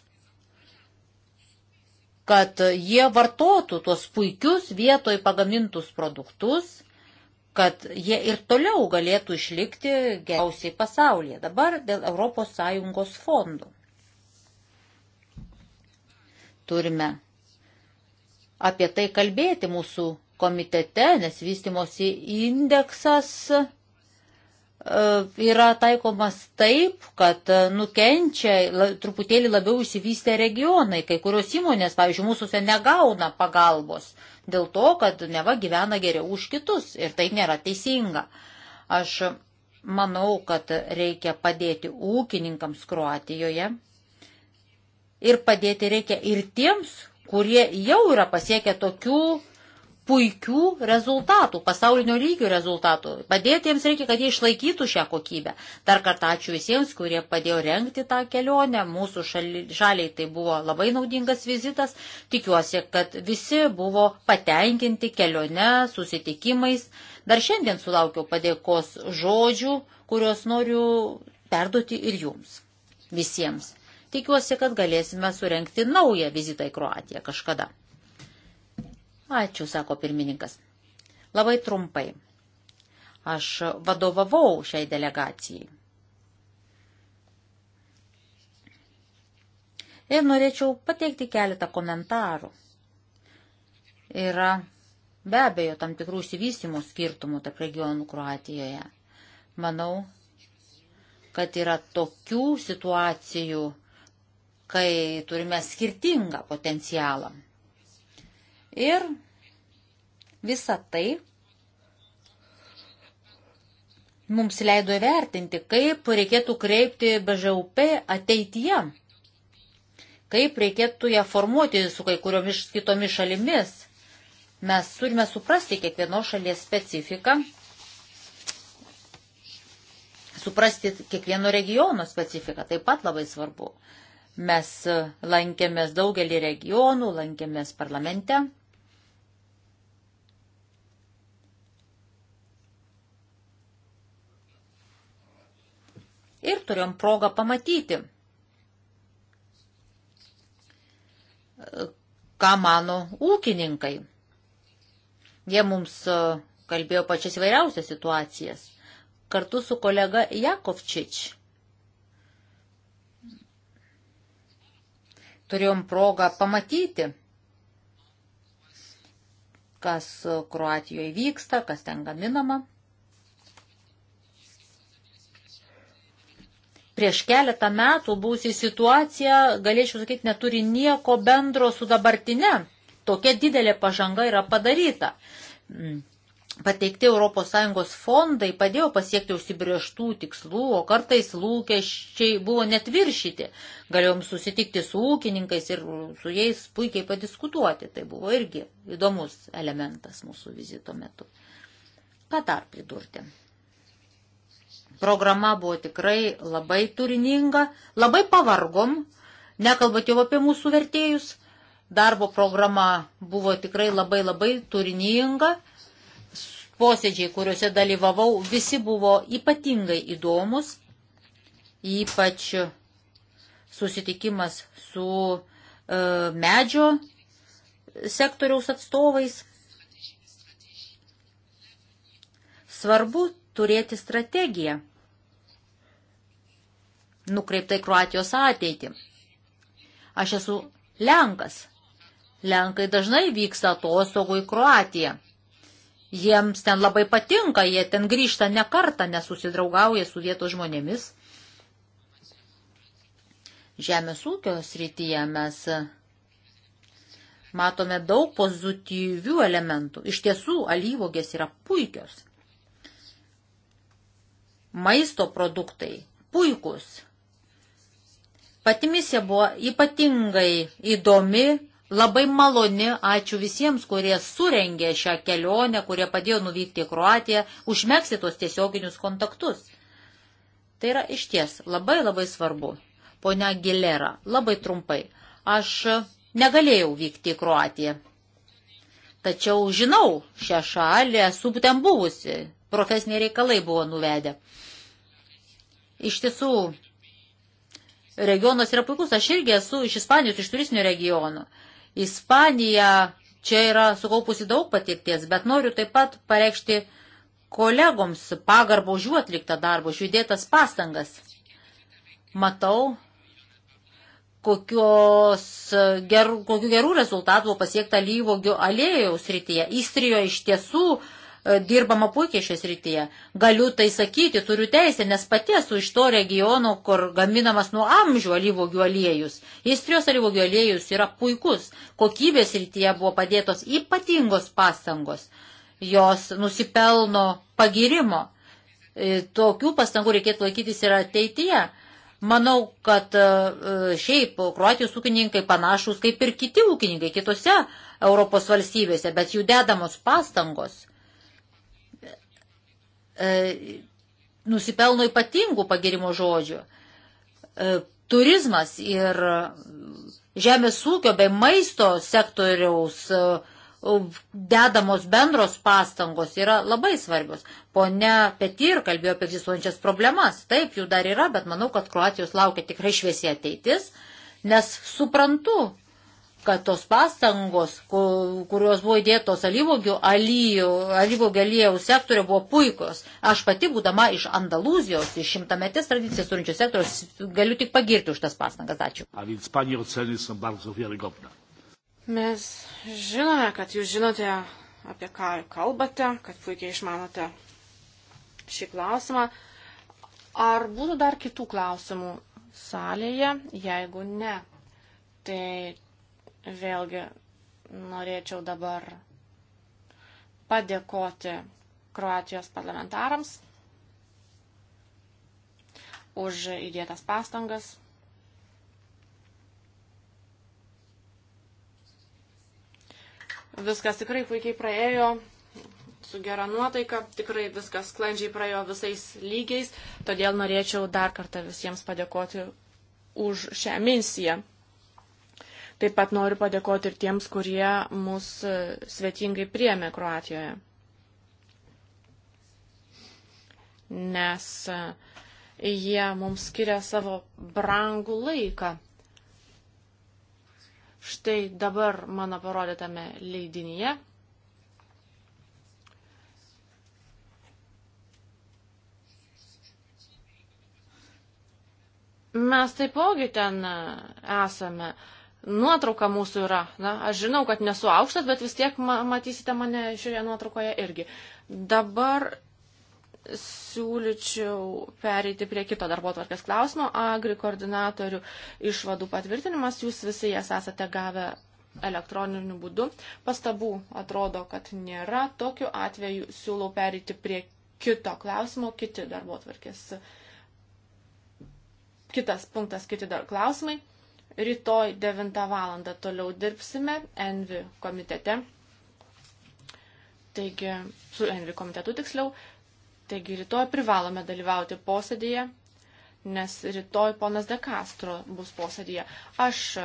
D: kad jie vartotų tuos puikius vietoj pagamintus produktus, kad jie ir toliau galėtų išlikti geriausiai pasaulyje. Dabar dėl ES fondų. Turime apie tai kalbėti mūsų komitete, nes vystimosi indeksas E, yra taikomas taip, kad e, nukenčia truputėlį labiau įsivystę regionai. Kai kurios įmonės, pavyzdžiui, mūsųse negauna pagalbos dėl to, kad neva gyvena geriau už kitus ir tai nėra teisinga. Aš manau, kad reikia padėti ūkininkams Kroatijoje ir padėti reikia ir tiems, kurie jau yra pasiekę tokių puikių rezultatų, pasaulinio lygio rezultatų. Padėti jiems reikia, kad jie išlaikytų šią kokybę. Dar kartą ačiū visiems, kurie padėjo renkti tą kelionę. Mūsų šali, šaliai tai buvo labai naudingas vizitas. Tikiuosi, kad visi buvo patenkinti kelione, susitikimais. Dar šiandien sulaukiau padėkos žodžių, kuriuos noriu perduoti ir jums. Visiems. Tikiuosi, kad galėsime surenkti naują vizitą į Kroatiją kažkada. Ačiū, sako pirmininkas. Labai trumpai. Aš vadovavau šiai delegacijai. Ir norėčiau pateikti keletą komentarų. Yra be abejo tam tikrų įsivystymų skirtumų tarp regionų Kroatijoje. Manau, kad yra tokių situacijų, kai turime skirtingą potencialą. Ir visa tai mums leido įvertinti, kaip reikėtų kreipti BŽUP ateityje, kaip reikėtų ją formuoti su kai kuriomis kitomis šalimis. Mes turime suprasti kiekvienos šalies specifiką, suprasti kiekvieno regiono specifiką, taip pat labai svarbu. Mes lankėmės daugelį regionų, lankėmės parlamente. ir turėjom progą pamatyti, ką mano ūkininkai. Jie mums e, kalbėjo pačias įvairiausias situacijas. Kartu su kolega Jakovčič turėjom progą pamatyti, kas Kroatijoje vyksta, kas ten gaminama. prieš keletą metų būsi situacija, galėčiau sakyti, neturi nieko bendro su dabartine. Tokia didelė pažanga yra padaryta. Mm. Pateikti ES fondai padėjo pasiekti užsibrieštų tikslų, o kartais lūkesčiai buvo net viršyti. Galėjom susitikti su ūkininkais ir su jais puikiai padiskutuoti. Tai buvo irgi įdomus elementas mūsų vizito metu. Ką dar pridurti? Programa buvo tikrai labai turininga, labai pavargom, nekalbant jau apie mūsų vertėjus. Darbo programa buvo tikrai labai labai turininga. Posėdžiai, kuriuose dalyvavau, visi buvo ypatingai įdomus, ypač susitikimas su e, medžio sektoriaus atstovais. Svarbu turėti strategiją nukreiptai Kroatijos ateitį. Aš esu Lenkas. Lenkai dažnai vyksta atostogų į Kroatiją. Jiems ten labai patinka, jie ten grįžta ne kartą, nesusidraugauja su vietos žmonėmis. Žemės ūkio srityje mes matome daug pozityvių elementų. Iš tiesų, alyvogės yra puikios maisto produktai puikus. Pati misija buvo ypatingai įdomi, labai maloni, ačiū visiems, kurie surengė šią kelionę, kurie padėjo nuvykti į Kroatiją, užmėgsti tuos tiesioginius kontaktus. Tai yra iš ties labai labai svarbu. Pone Gilera, labai trumpai, aš negalėjau vykti į Kroatiją. Tačiau žinau šią šalį, esu būtent buvusi profesiniai reikalai buvo nuvedę. Iš tiesų, regionas yra puikus. Aš irgi esu iš Ispanijos, iš turistinių regionų. Ispanija čia yra sukaupusi daug patirties, bet noriu taip pat pareikšti kolegoms pagarbą už jų atliktą darbą, už jų dėtas pastangas. Matau, kokios ger, kokių gerų rezultatų buvo pasiekta lyvogių alėjaus rytyje. Įstrijo iš tiesų uh, E, dirbama puikiai šią srityje. Galiu tai sakyti, turiu teisę, nes pati esu iš to regiono, kur gaminamas nuo amžių alyvogių aliejus. Istrijos alyvogių aliejus yra puikus. Kokybės srityje buvo padėtos ypatingos pastangos. Jos nusipelno pagirimo. E, tokių pastangų reikėtų laikytis ir ateityje. Manau, kad e, šiaip kruatijos ūkininkai panašus kaip ir kiti ūkininkai kitose Europos valstybėse, bet jų dedamos pastangos e, nusipelno ypatingų pagirimo žodžių. E, turizmas ir žemės ūkio bei maisto sektoriaus e, dedamos bendros pastangos yra labai svarbios. Pone Petir kalbėjo apie egzistuojančias problemas. Taip, jų dar yra, bet manau, kad Kroatijos laukia tikrai šviesi ateitis, nes suprantu, kad tos pastangos, kurios buvo įdėtos alyvogių aliejaus sektorio, buvo puikos. Aš pati, būdama iš Andalūzijos, iš šimtametės tradicijas turinčios sektoriaus, galiu tik pagirti už tas pastangas. Ačiū.
C: Mes žinome, kad jūs žinote, apie ką kalbate, kad puikiai išmanote šį klausimą. Ar būtų dar kitų klausimų salėje, jeigu ne? Tai Vėlgi norėčiau dabar padėkoti Kroatijos parlamentarams už įdėtas pastangas. Viskas tikrai puikiai praėjo, su gera nuotaika, tikrai viskas sklandžiai praėjo visais lygiais, todėl norėčiau dar kartą visiems padėkoti už šią misiją. Taip pat noriu padėkoti ir tiems, kurie mus e, svetingai priemė Kroatijoje. Nes e, jie mums skiria savo brangų laiką. Štai dabar mano parodytame leidinyje mes taipogi ten e, esame nuotrauka mūsų yra. Na, aš žinau, kad nesu aukštas, bet vis tiek ma matysite mane šioje nuotraukoje irgi. Dabar siūlyčiau pereiti prie kito darbo tvarkės klausimo. Agri koordinatorių išvadų patvirtinimas, jūs visi jas esate gavę elektroniniu būdu. Pastabų atrodo, kad nėra. Tokiu atveju siūlau pereiti prie kito klausimo, kiti darbo tvarkės. Kitas punktas, kiti dar klausimai. Rytoj 9 val. toliau dirbsime Envi komitete. Taigi, su Envi komitetu tiksliau. Taigi, rytoj privalome dalyvauti posėdėje, nes rytoj ponas De Castro bus posėdėje. Aš e,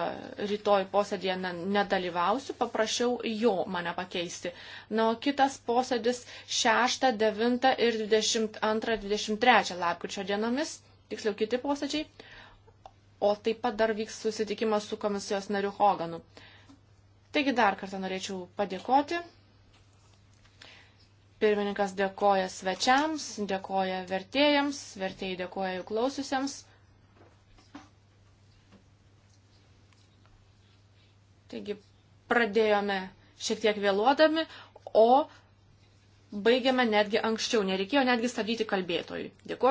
C: rytoj posėdėje nedalyvausiu, paprašiau jo mane pakeisti. Na, o kitas posėdis 6, 9 ir 22, 23 lapkričio dienomis, tiksliau kiti posėdžiai o taip pat dar vyks susitikimas su komisijos nariu Hoganu. Taigi dar kartą norėčiau padėkoti. Pirmininkas dėkoja svečiams, dėkoja vertėjams, vertėjai dėkoja jų klausiusiems. Taigi pradėjome šiek tiek vėluodami, o baigiame netgi anksčiau, nereikėjo netgi stabdyti kalbėtojų. Dėkuoju.